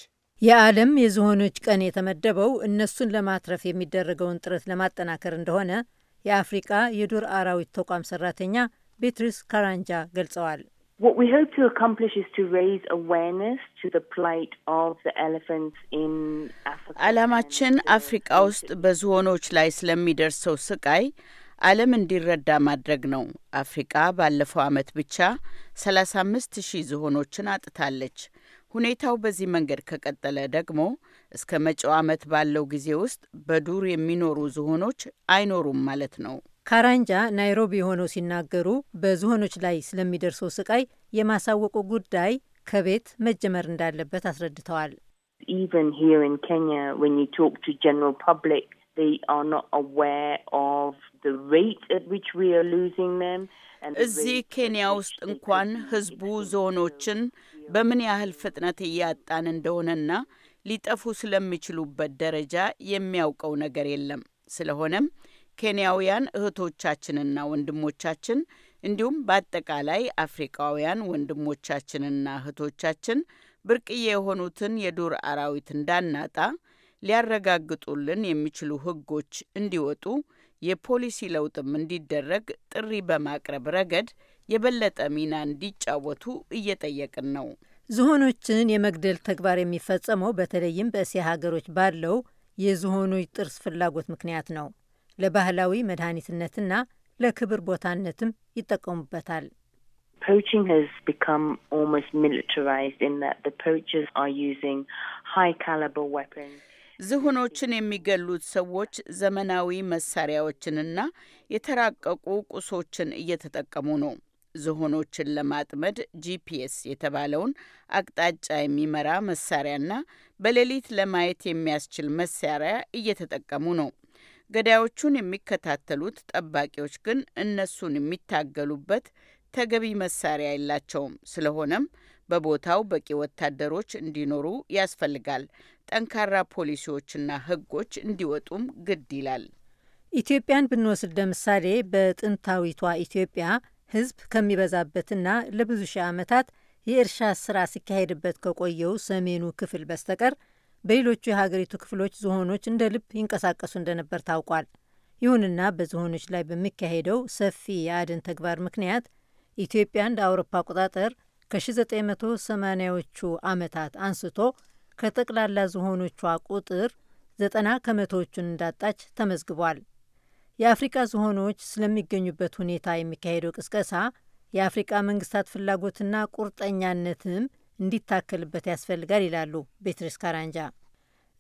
የዓለም የዝሆኖች ቀን የተመደበው እነሱን ለማትረፍ የሚደረገውን ጥረት ለማጠናከር እንደሆነ የአፍሪቃ የዱር አራዊት ተቋም ሰራተኛ ቤትሪስ ካራንጃ ገልጸዋል። ዓላማችን አፍሪቃ ውስጥ በዝሆኖች ላይ ስለሚደርሰው ስቃይ ዓለም እንዲረዳ ማድረግ ነው። አፍሪቃ ባለፈው ዓመት ብቻ 35 ሺህ ዝሆኖችን አጥታለች። ሁኔታው በዚህ መንገድ ከቀጠለ ደግሞ እስከ መጪው ዓመት ባለው ጊዜ ውስጥ በዱር የሚኖሩ ዝሆኖች አይኖሩም ማለት ነው። ካራንጃ ናይሮቢ ሆነው ሲናገሩ በዝሆኖች ላይ ስለሚደርሰው ስቃይ የማሳወቁ ጉዳይ ከቤት መጀመር እንዳለበት አስረድተዋል። እዚህ ኬንያ ውስጥ እንኳን ሕዝቡ ዝሆኖችን በምን ያህል ፍጥነት እያጣን እንደሆነና ሊጠፉ ስለሚችሉበት ደረጃ የሚያውቀው ነገር የለም። ስለሆነም ኬንያውያን እህቶቻችንና ወንድሞቻችን እንዲሁም በአጠቃላይ አፍሪካውያን ወንድሞቻችንና እህቶቻችን ብርቅዬ የሆኑትን የዱር አራዊት እንዳናጣ ሊያረጋግጡልን የሚችሉ ሕጎች እንዲወጡ የፖሊሲ ለውጥም እንዲደረግ ጥሪ በማቅረብ ረገድ የበለጠ ሚና እንዲጫወቱ እየጠየቅን ነው። ዝሆኖችን የመግደል ተግባር የሚፈጸመው በተለይም በእስያ ሀገሮች ባለው የዝሆኖች ጥርስ ፍላጎት ምክንያት ነው። ለባህላዊ መድኃኒትነትና ለክብር ቦታነትም ይጠቀሙበታል። ዝሆኖችን የሚገሉት ሰዎች ዘመናዊ መሳሪያዎችንና የተራቀቁ ቁሶችን እየተጠቀሙ ነው። ዝሆኖችን ለማጥመድ ጂፒኤስ የተባለውን አቅጣጫ የሚመራ መሳሪያና በሌሊት ለማየት የሚያስችል መሳሪያ እየተጠቀሙ ነው። ገዳዮቹን የሚከታተሉት ጠባቂዎች ግን እነሱን የሚታገሉበት ተገቢ መሳሪያ የላቸውም። ስለሆነም በቦታው በቂ ወታደሮች እንዲኖሩ ያስፈልጋል። ጠንካራ ፖሊሲዎችና ሕጎች እንዲወጡም ግድ ይላል። ኢትዮጵያን ብንወስድ ለምሳሌ በጥንታዊቷ ኢትዮጵያ ህዝብ ከሚበዛበትና ለብዙ ሺህ ዓመታት የእርሻ ስራ ሲካሄድበት ከቆየው ሰሜኑ ክፍል በስተቀር በሌሎቹ የሀገሪቱ ክፍሎች ዝሆኖች እንደ ልብ ይንቀሳቀሱ እንደነበር ታውቋል። ይሁንና በዝሆኖች ላይ በሚካሄደው ሰፊ የአደን ተግባር ምክንያት ኢትዮጵያ እንደ አውሮፓ አቆጣጠር ከ1980ዎቹ ዓመታት አንስቶ ከጠቅላላ ዝሆኖቿ ቁጥር 90 ከመቶዎቹን እንዳጣች ተመዝግቧል። የአፍሪቃ ዝሆኖች ስለሚገኙበት ሁኔታ የሚካሄደው ቅስቀሳ የአፍሪቃ መንግስታት ፍላጎትና ቁርጠኛነትም እንዲታከልበት ያስፈልጋል ይላሉ ቤትሬስ ካራንጃ።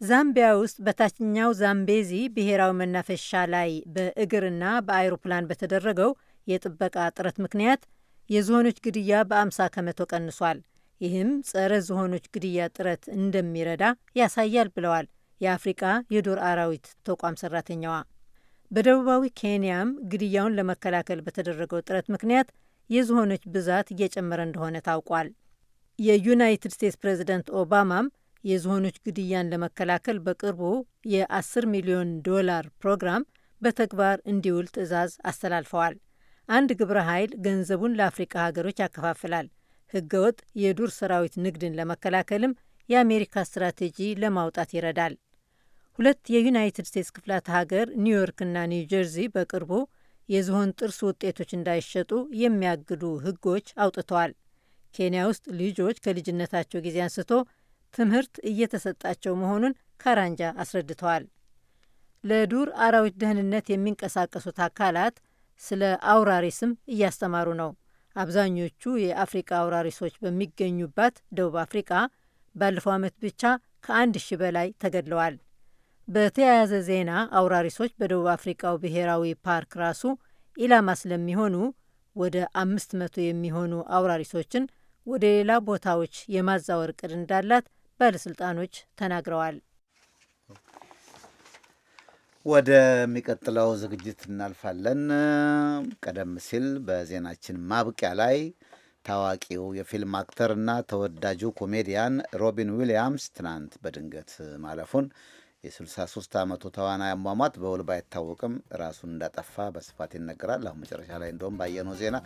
ዛምቢያ ውስጥ በታችኛው ዛምቤዚ ብሔራዊ መናፈሻ ላይ በእግርና በአይሮፕላን በተደረገው የጥበቃ ጥረት ምክንያት የዝሆኖች ግድያ በአምሳ ከመቶ ቀንሷል። ይህም ጸረ ዝሆኖች ግድያ ጥረት እንደሚረዳ ያሳያል ብለዋል የአፍሪቃ የዱር አራዊት ተቋም ሰራተኛዋ። በደቡባዊ ኬንያም ግድያውን ለመከላከል በተደረገው ጥረት ምክንያት የዝሆኖች ብዛት እየጨመረ እንደሆነ ታውቋል። የዩናይትድ ስቴትስ ፕሬዝደንት ኦባማም የዝሆኖች ግድያን ለመከላከል በቅርቡ የ10 ሚሊዮን ዶላር ፕሮግራም በተግባር እንዲውል ትዕዛዝ አስተላልፈዋል። አንድ ግብረ ኃይል ገንዘቡን ለአፍሪቃ ሀገሮች ያከፋፍላል። ህገወጥ የዱር ሰራዊት ንግድን ለመከላከልም የአሜሪካ ስትራቴጂ ለማውጣት ይረዳል። ሁለት የዩናይትድ ስቴትስ ክፍላተ ሀገር ኒውዮርክና ኒውጀርዚ በቅርቡ የዝሆን ጥርስ ውጤቶች እንዳይሸጡ የሚያግዱ ሕጎች አውጥተዋል። ኬንያ ውስጥ ልጆች ከልጅነታቸው ጊዜ አንስቶ ትምህርት እየተሰጣቸው መሆኑን ካራንጃ አስረድተዋል። ለዱር አራዊት ደህንነት የሚንቀሳቀሱት አካላት ስለ አውራሪስም እያስተማሩ ነው። አብዛኞቹ የአፍሪቃ አውራሪሶች በሚገኙባት ደቡብ አፍሪቃ ባለፈው ዓመት ብቻ ከአንድ ሺ በላይ ተገድለዋል። በተያያዘ ዜና አውራሪሶች በደቡብ አፍሪካው ብሔራዊ ፓርክ ራሱ ኢላማ ስለሚሆኑ ወደ አምስት መቶ የሚሆኑ አውራሪሶችን ወደ ሌላ ቦታዎች የማዛወር እቅድ እንዳላት ባለስልጣኖች ተናግረዋል። ወደሚቀጥለው ዝግጅት እናልፋለን። ቀደም ሲል በዜናችን ማብቂያ ላይ ታዋቂው የፊልም አክተርና ተወዳጁ ኮሜዲያን ሮቢን ዊሊያምስ ትናንት በድንገት ማለፉን የ63 ዓመቱ ተዋናይ አሟሟት በውል ባይታወቅም ራሱን እንዳጠፋ በስፋት ይነገራል። አሁን መጨረሻ ላይ እንደውም ባየነው ዜና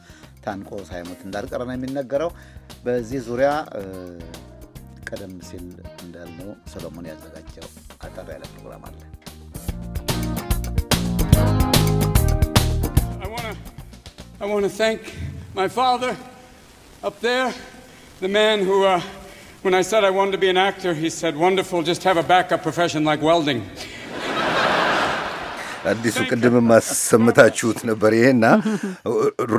ታንቆ ሳይሞት እንዳልቀረ ነው የሚነገረው። በዚህ ዙሪያ ቀደም ሲል እንዳልነው ሰሎሞን ያዘጋጀው አጠር ያለ ፕሮግራም አለ። I want to thank my father up there, the man who uh, When I said I wanted to be an actor, he said, Wonderful, just have a backup profession like welding. አዲሱ ቅድም ማሰምታችሁት ነበር። ይሄና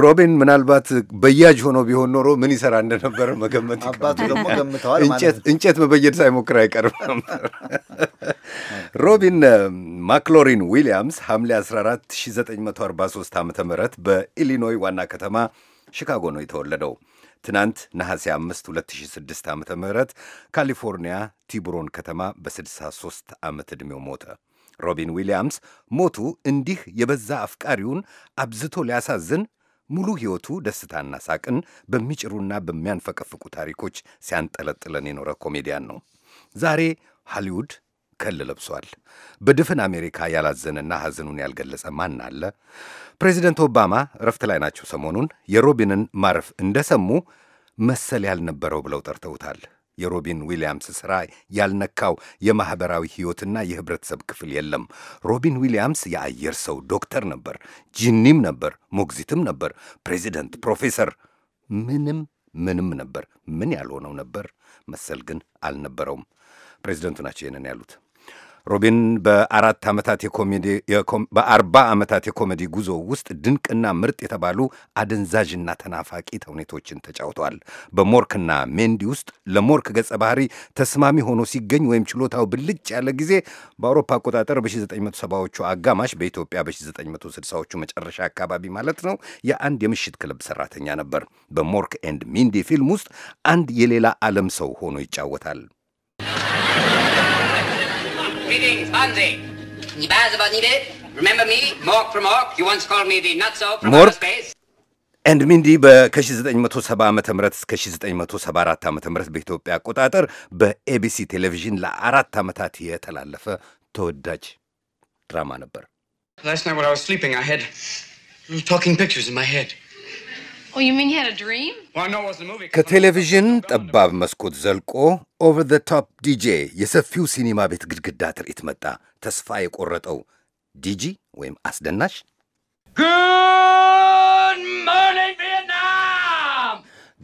ሮቢን ምናልባት በያጅ ሆኖ ቢሆን ኖሮ ምን ይሰራ እንደነበረ መገመት አባቱ ደግሞ ገምተዋል። እንጨት መበየድ ሳይሞክር አይቀርም ነበር። ሮቢን ማክሎሪን ዊሊያምስ ሐምሌ 14 1943 ዓ ም በኢሊኖይ ዋና ከተማ ሺካጎ ነው የተወለደው። ትናንት ነሐሴ 5 2006 ዓ ም ካሊፎርኒያ ቲቡሮን ከተማ በ63 ዓመት ዕድሜው ሞተ። ሮቢን ዊሊያምስ ሞቱ እንዲህ የበዛ አፍቃሪውን አብዝቶ ሊያሳዝን ሙሉ ሕይወቱ ደስታና ሳቅን በሚጭሩና በሚያንፈቀፍቁ ታሪኮች ሲያንጠለጥለን የኖረ ኮሜዲያን ነው። ዛሬ ሃሊውድ ከል ለብሷል። በድፍን አሜሪካ ያላዘነና ሐዘኑን ያልገለጸ ማን አለ? ፕሬዚደንት ኦባማ እረፍት ላይ ናቸው። ሰሞኑን የሮቢንን ማረፍ እንደሰሙ መሰል ያልነበረው ብለው ጠርተውታል። የሮቢን ዊሊያምስ ሥራ ያልነካው የማኅበራዊ ሕይወትና የኅብረተሰብ ክፍል የለም። ሮቢን ዊሊያምስ የአየር ሰው ዶክተር ነበር፣ ጂኒም ነበር፣ ሞግዚትም ነበር፣ ፕሬዚደንት፣ ፕሮፌሰር፣ ምንም ምንም ነበር። ምን ያልሆነው ነበር መሰል ግን አልነበረውም። ፕሬዚደንቱ ናቸው ይህንን ያሉት። ሮቢን በአራት ዓመታት በአርባ ዓመታት የኮሜዲ ጉዞ ውስጥ ድንቅና ምርጥ የተባሉ አደንዛዥና ተናፋቂ ተውኔቶችን ተጫውቷል። በሞርክና ሜንዲ ውስጥ ለሞርክ ገጸ ባህሪ ተስማሚ ሆኖ ሲገኝ ወይም ችሎታው ብልጭ ያለ ጊዜ በአውሮፓ አቆጣጠር በ1970ዎቹ አጋማሽ በኢትዮጵያ በ1960ዎቹ መጨረሻ አካባቢ ማለት ነው የአንድ የምሽት ክለብ ሰራተኛ ነበር። በሞርክ ኤንድ ሚንዲ ፊልም ውስጥ አንድ የሌላ ዓለም ሰው ሆኖ ይጫወታል። ኤንድ ሚንዲ በከ ዓ ም እስከ 1974 ዓ ም በኢትዮጵያ አቆጣጠር በኤቢሲ ቴሌቪዥን ለአራት ዓመታት የተላለፈ ተወዳጅ ድራማ ነበር። Last night when I was sleeping, I had talking Oh, ከቴሌቪዥን ጠባብ መስኮት ዘልቆ ኦቨር ዘ ቶፕ ዲጄ የሰፊው ሲኒማ ቤት ግድግዳ ትርኢት መጣ። ተስፋ የቆረጠው ዲጂ ወይም አስደናሽ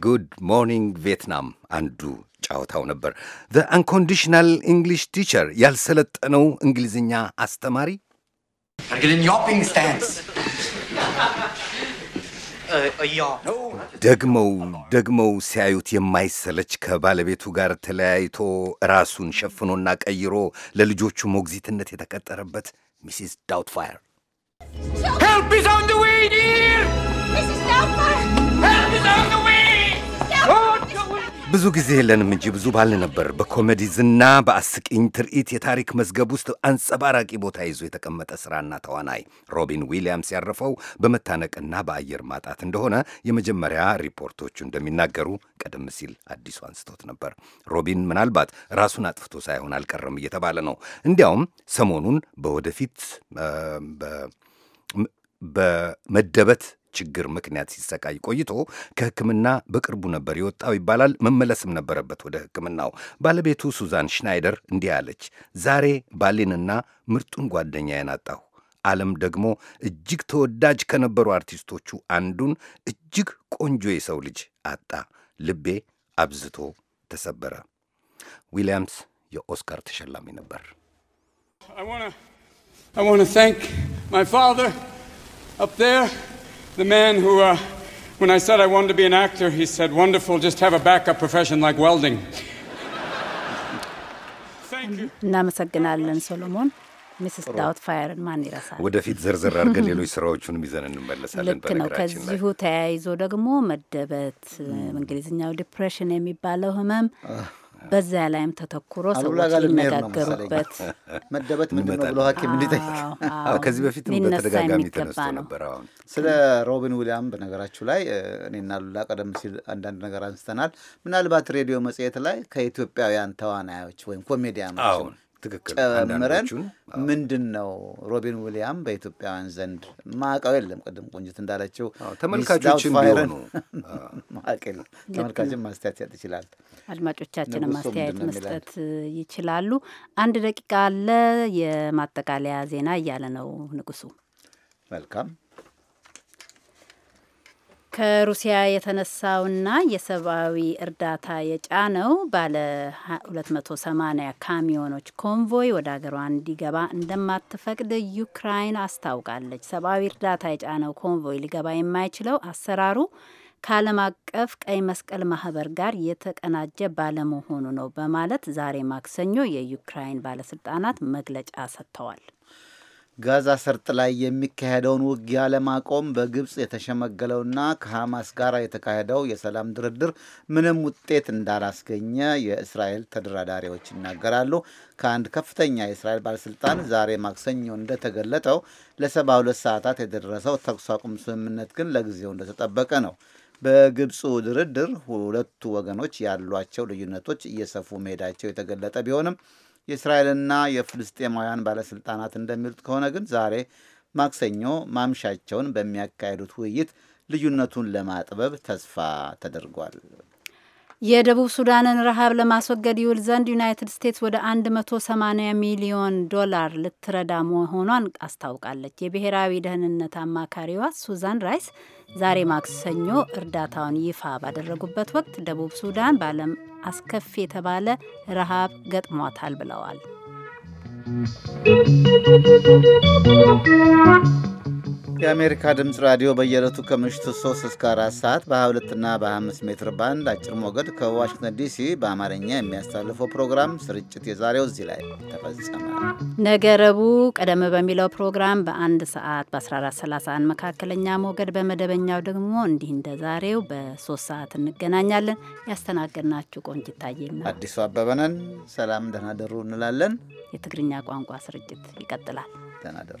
ጉድ ሞርኒንግ ቪየትናም አንዱ ጫወታው ነበር። ዘ አንኮንዲሽናል ኢንግሊሽ ቲቸር ያልሰለጠነው እንግሊዝኛ አስተማሪ ደግመው ደግመው ሲያዩት የማይሰለች ከባለቤቱ ጋር ተለያይቶ ራሱን ሸፍኖና ቀይሮ ለልጆቹ ሞግዚትነት የተቀጠረበት ሚሲስ ዳውትፋየር ሄልፕ ብዙ ጊዜ የለንም እንጂ ብዙ ባል ነበር። በኮሜዲ ዝና፣ በአስቂኝ ትርኢት የታሪክ መዝገብ ውስጥ አንጸባራቂ ቦታ ይዞ የተቀመጠ ስራና ተዋናይ ሮቢን ዊሊያምስ ያረፈው በመታነቅና በአየር ማጣት እንደሆነ የመጀመሪያ ሪፖርቶቹ እንደሚናገሩ ቀደም ሲል አዲሱ አንስቶት ነበር። ሮቢን ምናልባት ራሱን አጥፍቶ ሳይሆን አልቀረም እየተባለ ነው። እንዲያውም ሰሞኑን በወደፊት በመደበት ችግር ምክንያት ሲሰቃይ ቆይቶ ከሕክምና በቅርቡ ነበር የወጣው ይባላል። መመለስም ነበረበት ወደ ሕክምናው። ባለቤቱ ሱዛን ሽናይደር እንዲህ አለች። ዛሬ ባሌንና ምርጡን ጓደኛዬን አጣሁ። ዓለም ደግሞ እጅግ ተወዳጅ ከነበሩ አርቲስቶቹ አንዱን እጅግ ቆንጆ የሰው ልጅ አጣ። ልቤ አብዝቶ ተሰበረ። ዊልያምስ የኦስካር ተሸላሚ ነበር። I want to thank my father up there the man who, uh, when I said I wanted to be an actor, he said, Wonderful, just have a backup profession like welding. እናመሰግናለን ሶሎሞን። ሚስስ ዳውት ፋየርን ማን ይረሳል? ወደፊት ዝርዝር አድርገን ሌሎች ስራዎቹንም ይዘን እንመለሳለን። ልክ ነው። ከዚሁ ተያይዞ ደግሞ መደበት፣ እንግሊዝኛው ዲፕሬሽን የሚባለው ህመም በዛ ላይም ተተኩሮ ሰዎች ሊነጋገሩበት መደበት ምንድን ነው ብሎ ሐኪም እንዲጠይቅ ከዚህ በፊት በተደጋጋሚ ተነስቶ ነበር። አሁን ስለ ሮቢን ዊሊያም በነገራችሁ ላይ እኔና ሉላ ቀደም ሲል አንዳንድ ነገር አንስተናል። ምናልባት ሬዲዮ መጽሔት ላይ ከኢትዮጵያውያን ተዋናዮች ወይም ኮሜዲያኖች ትክክል ጨምረን ምንድን ነው ሮቢን ዊሊያም በኢትዮጵያውያን ዘንድ ማቀው የለም። ቅድም ቆንጅት እንዳለችው ተመልካቾችን ቢሆኑ ማዕቀል ተመልካችን ማስተያየት ሰጥ ይችላል። አድማጮቻችን ማስተያየት መስጠት ይችላሉ። አንድ ደቂቃ አለ። የማጠቃለያ ዜና እያለ ነው ንጉሱ። መልካም ከሩሲያ የተነሳውና የሰብአዊ እርዳታ የጫነው ባለ 280 ካሚዮኖች ኮንቮይ ወደ አገሯ እንዲገባ እንደማትፈቅድ ዩክራይን አስታውቃለች። ሰብአዊ እርዳታ የጫነው ኮንቮይ ሊገባ የማይችለው አሰራሩ ከዓለም አቀፍ ቀይ መስቀል ማህበር ጋር የተቀናጀ ባለመሆኑ ነው በማለት ዛሬ ማክሰኞ የዩክራይን ባለስልጣናት መግለጫ ሰጥተዋል። ጋዛ ሰርጥ ላይ የሚካሄደውን ውጊያ ለማቆም በግብፅ የተሸመገለውና ከሐማስ ጋር የተካሄደው የሰላም ድርድር ምንም ውጤት እንዳላስገኘ የእስራኤል ተደራዳሪዎች ይናገራሉ። ከአንድ ከፍተኛ የእስራኤል ባለስልጣን ዛሬ ማክሰኞ እንደተገለጠው ለሰባ ሁለት ሰዓታት የደረሰው ተኩስ አቁም ስምምነት ግን ለጊዜው እንደተጠበቀ ነው። በግብፁ ድርድር ሁለቱ ወገኖች ያሏቸው ልዩነቶች እየሰፉ መሄዳቸው የተገለጠ ቢሆንም የእስራኤልና የፍልስጤማውያን ባለስልጣናት እንደሚሉት ከሆነ ግን ዛሬ ማክሰኞ ማምሻቸውን በሚያካሂዱት ውይይት ልዩነቱን ለማጥበብ ተስፋ ተደርጓል። የደቡብ ሱዳንን ረሃብ ለማስወገድ ይውል ዘንድ ዩናይትድ ስቴትስ ወደ 180 ሚሊዮን ዶላር ልትረዳ መሆኗን አስታውቃለች። የብሔራዊ ደህንነት አማካሪዋ ሱዛን ራይስ ዛሬ ማክሰኞ እርዳታውን ይፋ ባደረጉበት ወቅት ደቡብ ሱዳን በዓለም አስከፊ የተባለ ረሃብ ገጥሟታል ብለዋል። የአሜሪካ ድምፅ ራዲዮ በየዕለቱ ከምሽቱ 3 እስከ 4 ሰዓት በ22 እና በ25 ሜትር ባንድ አጭር ሞገድ ከዋሽንግተን ዲሲ በአማርኛ የሚያስተላልፈው ፕሮግራም ስርጭት የዛሬው እዚህ ላይ ተፈጸመ። ነገ ረቡዕ ቀደም በሚለው ፕሮግራም በአንድ ሰዓት በ1431 መካከለኛ ሞገድ በመደበኛው ደግሞ እንዲህ እንደ ዛሬው በሶስት ሰዓት እንገናኛለን። ያስተናገድናችሁ ቆንጅ ይታየና አዲሱ አበበነን ሰላም ደህና ደሩ እንላለን። የትግርኛ ቋንቋ ስርጭት ይቀጥላል። ደህና ደሩ